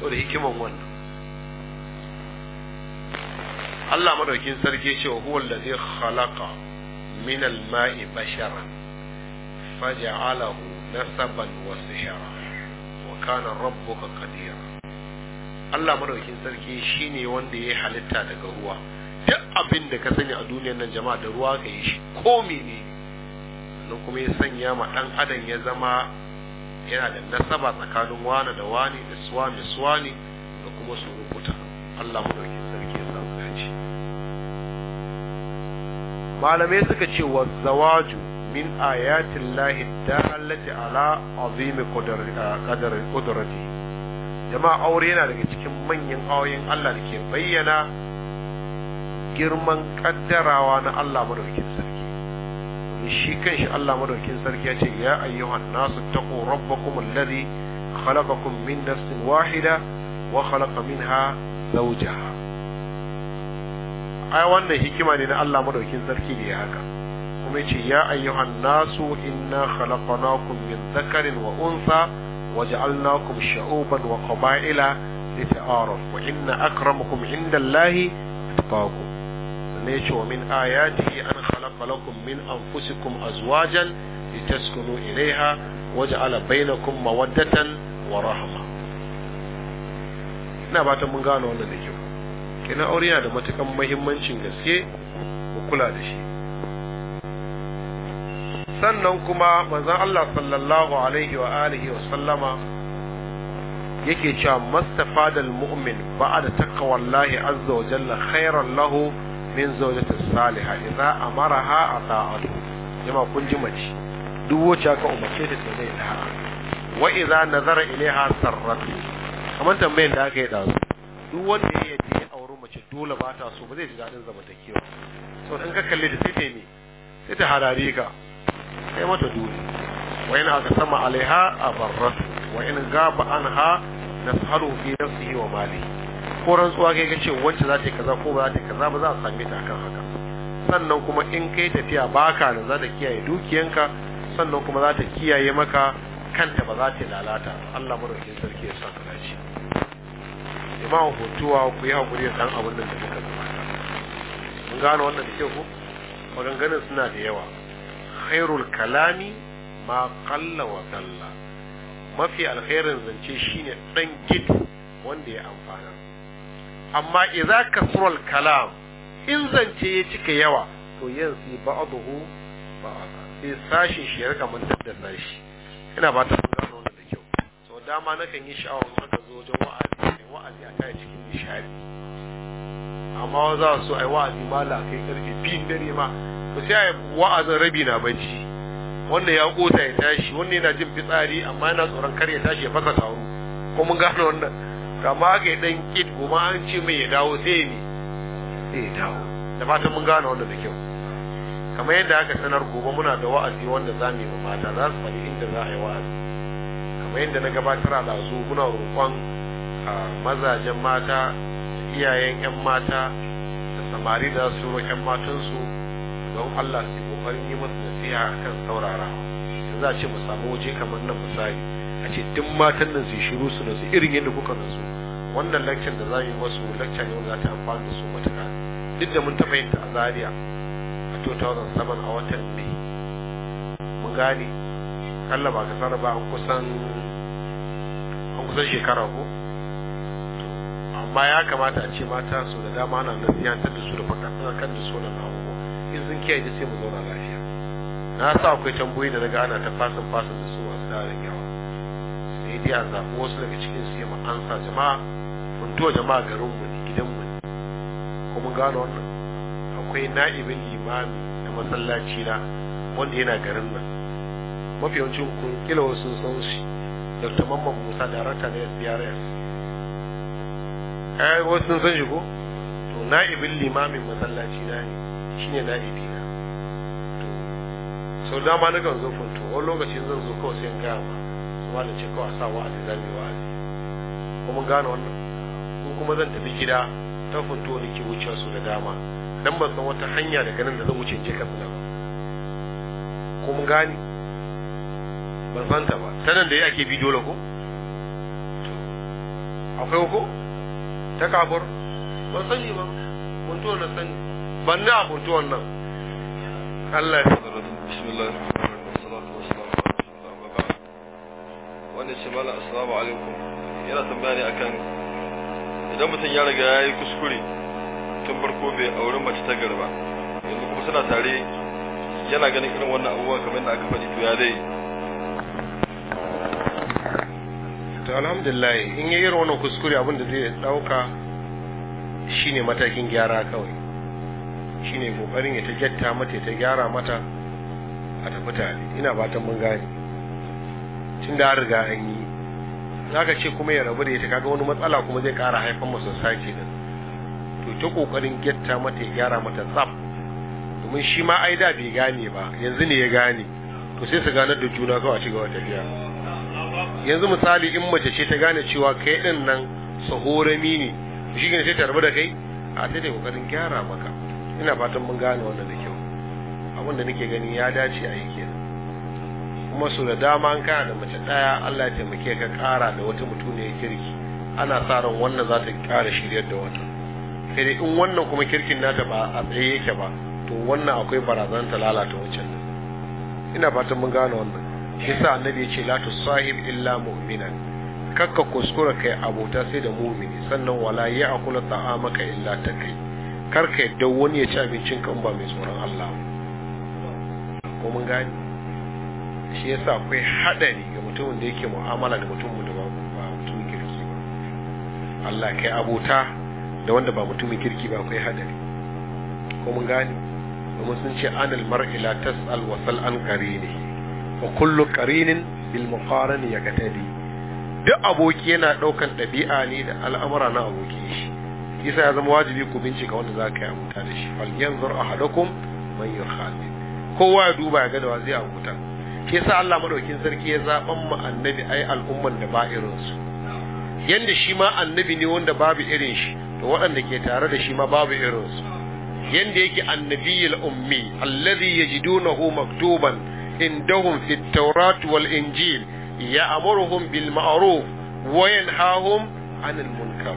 ba da hikiman wannan Allah madaukin sarki ce wa huwa allazi khalaqa min al-ma'i bashara faj'alahu nasaban wa sihra wa kana rabbuka qadira Allah madaukin sarki shine wanda ya halitta daga ruwa duk abin da ka sani a duniyar nan jama'a da ruwa ka yi shi ko ne kuma ya sanya ma dan adam ya zama yana da nasaba tsakanin wani da wani da suwa da suwa ne da kuma su rubuta Allah madaukin malamai suka ce wa zawaju min ayatin lahi dalati ala azimi kudrati jama'a aure yana daga cikin manyan ayoyin Allah da ke bayyana girman ƙaddarawa na Allah madaukakin sarki shi Allah madaukakin sarki ya ce ya ayyuhan nasu taqu rabbakum alladhi khalaqakum min nafsin wahida wa khalaqa minha zawjaha ai wannan hikima ne na Allah madaukin sarki ne ya haka kuma yace ya ayyuhan nasu inna khalaqnakum min dhakarin wa unsa waja'alnakum sha'uban wa qaba'ila lita'arafu wa inna akramakum indallahi atqakum sannan yace min ayatihi an khalaqa lakum min anfusikum azwajan litaskunu ilayha waja'ala bainakum mawaddatan wa rahma ina fatan mun gane wannan da kyau kenan aure yana da matukan muhimmancin gaske ku kula da shi sannan kuma manzon Allah sallallahu alaihi wa alihi wa sallama yake cewa mastafadal mu'min ba'da taqwallahi azza wa jalla khairan lahu min zawjatis salihah idza amaraha ata'atu jama kun ji mace duk wacce aka umarce ta zai da wa idza nazara ilaiha sarratu kamar tambayar da aka yi dazu duk wanda dole ba ta so ba zai ji daɗin zamantakewa sau in ka kalli da sai ta sai ta harare ka sai mata dole wa yana aka sama alaiha a barrat wa in gaba an ha na tsaro fi yi wa mali ko rantsuwa kai ka ce wacce za ta yi kaza ko ba za ta yi kaza ba za a same ta akan haka sannan kuma in kai tafiya baka da za ta kiyaye dukiyanka sannan kuma za ta kiyaye maka kanta ba za ta lalata Allah madaukakin sarki ya sa ka dace imam hotuwa ku yi haƙuri da ɗan abin da suka gabata mun gano wannan cikin kyau ko maganganun suna da yawa khairul kalami ma qalla wa dalla mafi alkhairin zance shine dan gid wanda ya amfana amma idza kasral kalam in zance ya cika yawa to yansi ba'dahu ba'd sai sashi shi ya rika mun da shi. ina ba ta dama na kan yi sha'awar aka zo wajen wa'azi wa'azi a kai cikin nishadi amma za su ai wa'azi ma la kai karfe biyun dare ma Ba sai ai wa'azin rabi na bacci wanda ya kota ya tashi wanda yana jin fitsari amma yana tsoron kar ya tashi ya fasa taro ko mun gano wannan amma ga dan kid goma an ce mai ya dawo sai ne sai ya dawo da fatan mun gano wannan da kyau kamar yadda aka sanar gobe muna da wa'azi wanda za mu yi mata za su faɗi inda za a yi wa'azi kamar yadda na gabatar da su muna roƙon mazajen mata iyayen 'yan mata da samari da su yan matansu don Allah su kokarin yi masu nasiha akan saurara da za a ce mu samu waje kamar nan misali a ce duk matan nan su shiru su nasu irin yadda kuka nasu wannan lakcin da za mu yi masu lakcin yau za ta amfani da su matuƙa duk da mun taɓa yin ta a Zaria a 2007 a watan Mai mun gane kalla ba ka ba kusan kusan shekara ko amma ya kamata a ce mata su da dama ana nan ya da su da kan da su da abubuwa in sun kiyaye sai mu zauna lafiya na sa akwai tambayoyi da daga ana ta fasin fasin da su masu tarin yawa sai dai a zaɓi wasu daga cikin su yi ma'ansa jama'a mun tuwa jama'a garin mu ne gidan mu ne ko mun gano wannan akwai na'ibin limami na masallaci na wanda yana garin nan mafi yawanci hukun kila wasu san shi da tamamman musa rata na sdrs ai eh, wasu sun san shi ko to na'ibin limamin masallaci na ne shine na'ibi na to sau dama na gan zo to, wani lokaci zan zo kawai sai in gaya ma su ma da ce kawai a sa wa'azi za zan yi wa'azi kuma gane wannan ko kuma zan tafi gida ta funto da ke wuce su da dama dan ban san wata hanya daga nan da zan wuce je katsina ba ko mun gane ban san ba sanan da ake bi dole ko akwai ko ta kabur ban sani ba mun to na sani ban na mun wannan Allah ya da bismillah wannan shi mala assalamu alaikum yana tambaya ne akan idan mutum ya riga ya yi kuskure tun farko bai auri mace ta garba yanzu kuma suna tare yana ganin irin wannan abubuwa kamar da aka faɗi to ya zai alhamdulillah in ya irin wannan kuskure abin da zai dauka shine matakin gyara kawai shine kokarin ya ta jatta mata ta gyara mata a tafi tare ina fatan mun gane tun da riga an yi zaka ce kuma ya rabu da ita kaga wani matsala kuma zai kara haifan masa sake din to ta kokarin getta mata ya gyara mata tsaf domin shi ma ai da bai gane ba yanzu ne ya gane to sai su ganar da juna kawai a cigaba tafiya yanzu misali in mace ce ta gane cewa kai din nan sahorami ne shi ne sai ta rabu da kai a sai ta kokarin gyara maka ina fatan mun gane wannan da kyau abin da nake gani ya dace a yake kuma su da dama an kana da mace daya Allah ya taimake ka kara da wata mutuniyar kirki ana sa ran wannan za ta kara shiryar da wata. sai dai in wannan kuma kirkin nata ba a tsaye yake ba to wannan akwai barazan ta lalata wancan ina fatan mun gane wannan yasa annabi ya ce la tusahib illa mu'minan kakka kuskura kai abota sai da mu'mini sannan wala ya ta'ama kai illa takai kar ka yadda wani ya ci abincin kan ba mai tsoron Allah ko mun gani shi yasa akwai hadari ga mutumin da yake mu'amala da mutum da ba mutum kirki ba Allah kai abota da wanda ba mutumin kirki ba akwai hadari ko mun gani domin sun ce anil mar'ila tas'al wa sal an qarini wa kullu qarinin bil muqarani yaqtadi duk aboki yana daukan dabi'a ne da al'amura na aboki shi yasa ya zama wajibi ku bincika wanda za ka yi amuta da shi fal yanzur ahadukum man yukhalid kowa ya duba ya ga da zai amuta ke sa Allah madaukin sarki ya zaban mu annabi ai al'umman da ba irin su yanda shi ma annabi ne wanda babu irin shi to waɗanda ke tare da shi ma babu irin su yanda yake annabiyul ummi alladhi yajidunahu maktuban indahum fit taurat wal injil ya'muruhum bil ma'ruf wa yanhahum 'anil munkar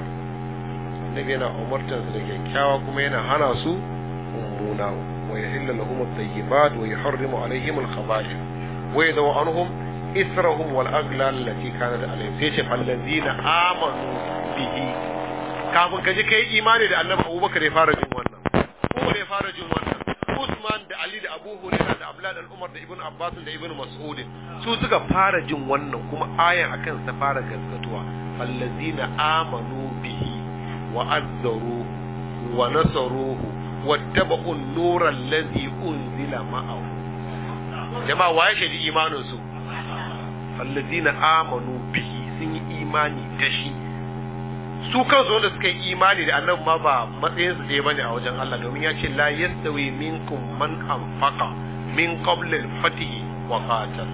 nabi yana umartar su da kyakkyawa kuma yana hana su mummuna wa yahillu lahum at-tayyibat wa yuharrimu alaihim al-khaba'ith wa yadaw anhum ce bihi kafin ka ji imani da annabi Abubakar ya fara jin wannan Umar ya fara jin wannan Usman da Ali da Abu da Umar da Ibn Abbas da Ibn Mas'ud su suka fara jin wannan kuma ayan akan ta fara gaskatuwa allazina amanu bihi wa azzaru wa nasaruhu wattaba'u an-nura allazi unzila ma'ahu jama'a waye shadi imanin su allazina amanu bihi sun yi imani da shi su kansu wanda suka yi imani da annabi ma ba matsayin su ɗaya bane a wajen Allah domin ya ce la yastawi minkum man anfaqa min qabl al-fatih wa qatal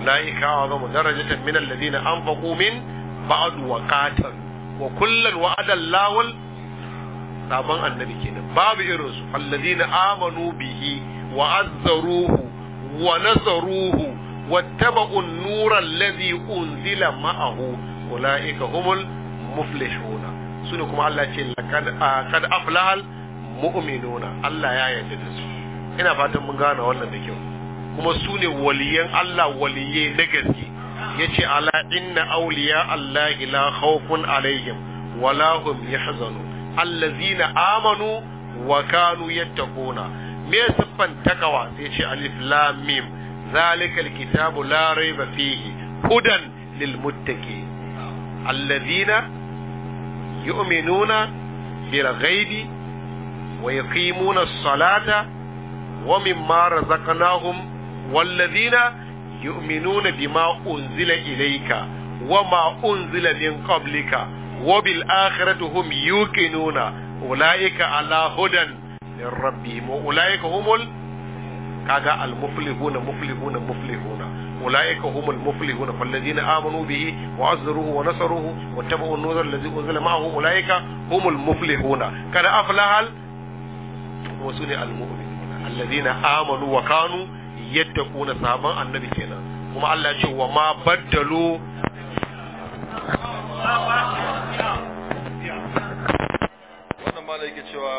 ulaika a'zamu darajatan min alladhina anfaqu min ba'd wa qatal wa kullun wa'ada Allahu sabon annabi kenan babu irin su alladhina amanu bihi wa azzaruhu wa nasaruhu واتبعوا النور الذي أنزل معه أولئك هم المفلحون سنكم الله قد قد أفلح المؤمنون الله يا ina fatan mun gane wannan da kyau kuma su ne waliyan Allah waliye na gaske yace ala inna auliya. Allah la khawfun alaihim Walahu hum yahzanu allazina amanu wa kanu yattaquna me siffan takawa sai ce alif lam mim zalika alkitabu la raiba fihi hudan lil muttaqin allazina yu'minuna bil ghaibi wa salata wa mimma razaqnahum walladhina yu'minuna bima unzila ilayka wa ma unzila min qablika wa bil akhirati hum yuqinuna nuna, ala hudan min rabbihim wa ulaika humul kaga al muflihuna muflihuna muflihuna ulaika humul muflihuna falladhina amanu bihi wa wa nasaruhu wa tabu an-nura kada al allazina amanu wa kanu yattaquna sahaban annabi kenan kuma Allah ya ce wa ma baddalu wannan malai yake cewa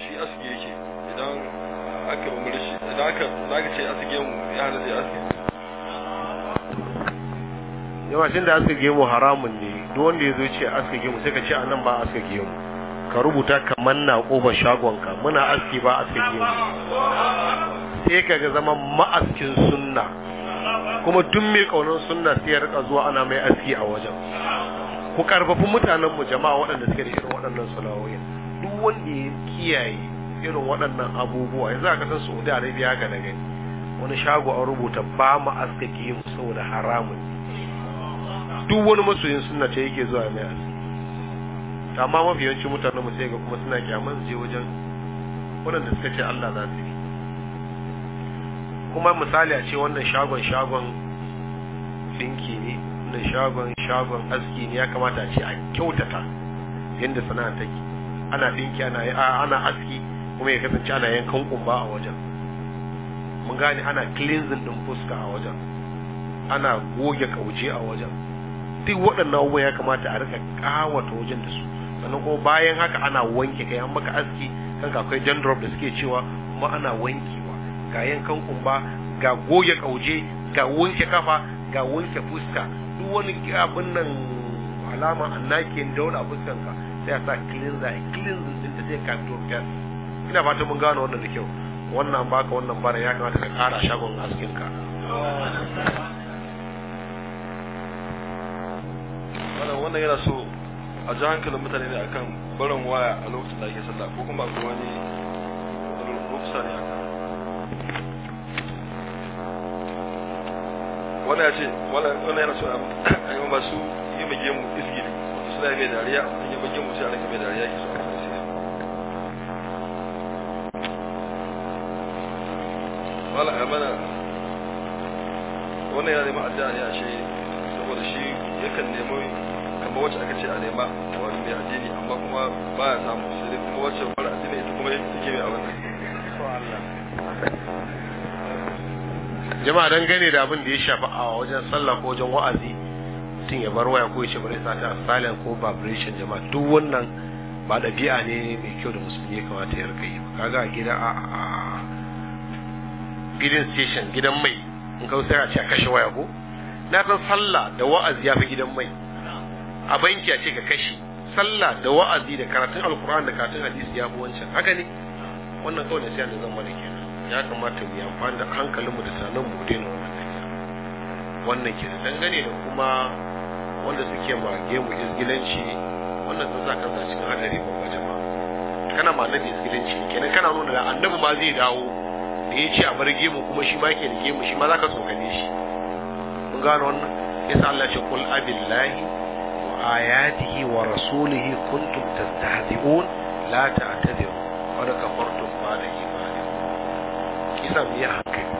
shi aski yake idan aka shi idan aka zaka ce aski mu ya hada da aski yawa shin da aski mu haramun ne duk wanda ya zo ce aski mu sai ka ce anan ba aski mu ka rubuta kamar na ƙofar shagonka muna aski ba a tsaye sai ka ga zama ma'askin sunna kuma duk mai ƙaunar sunna sai ya rika zuwa ana mai aski a wajen ku karfafi mutanen mu jama'a waɗanda suke da irin waɗannan sulawoyin duk wanda ya kiyaye irin waɗannan abubuwa yanzu a ƙasar saudi arabia ga gada gani wani shago an rubuta ba mu aska mu saboda haramun duk wani masoyin sunna ce yake zuwa mai aski amma mafi yawanci mutanen mu sai ga kuma suna kyaman je wajen waɗanda suka ce Allah za su yi kuma misali a ce wannan shagon shagon dinki ne wannan shagon shagon aski ne ya kamata a ce a kyautata yadda sana'a take ana dinki ana ana aski kuma ya kasance ana kankun ba a wajen mun gane ana cleansing din fuska a wajen ana goge kauje a wajen duk waɗannan abubuwan ya kamata a rika kawata wajen da su sannan ko bayan haka ana wanke kai an maka aski kan akwai dandruff da suke cewa kuma ana wankewa ga yankan kumba ga goge kauje ga wanke kafa ga wanke fuska duk wani abin nan alama annakin da wani a fuskanka sai a sa cleanser a cleanser din da zai kanto test ina fata mun gano wannan da kyau wannan baka wannan bara ya kamata ka kara shagon askin ka wannan yana so a ji hankalin mutane ne akan barin waya a lokacin da ake sallah ko kuma akwai wani rukusa ne akan wani ya ce wani yana suna a yi masu yi mage gemu iski ne suna yi mai dariya yi mage gemu sai yi mai dariya ke suna wala amana wani yana neman addu'a ne a shi saboda shi yakan nema. amma wacce aka ce a nema wani mai addini amma kuma ba ya samu sai dai kuma wacce wani addini ita kuma yake mai abin jama'a dan gane da abin da ya shafi a wajen sallah ko wajen wa'azi mutum ya bar waya ko ya ce bari sa ta silent ko vibration jama'a duk wannan ba ɗabi'a ne mai kyau da musulmi ya kamata ya rika yi kaga a gida a gidan station gidan mai in kawo sai a ce a kashe waya ko na san sallah da wa'azi ya fi gidan mai a banki a ce ka kashe sallah da wa'azi da karatun alkur'ani da karatun hadisi ya fi wancan haka ne wannan kawai siya da zan mana kenan ya kamata mu yi amfani da hankalinmu da tunanin mu daina wannan nasiha wannan kenan dangane da kuma wanda suke ma gemu izgilanci wannan sun sa kansa cikin hadari ba jama'a kana ma annabi izgilanci kenan kana nuna da annabi ma zai dawo da ya ce a bar gemu kuma shi ma ke da gemu shi ma za ka tsokane shi mun gano wannan yasa Allah ce kul abillahi وآياته ورسوله كنتم تستهزئون لا تعتذروا قد كفرتم بعد إيمانكم kisa mu yi hankali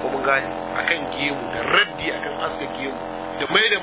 kuma gani akan gemu da raddi akan aska gemu da mai da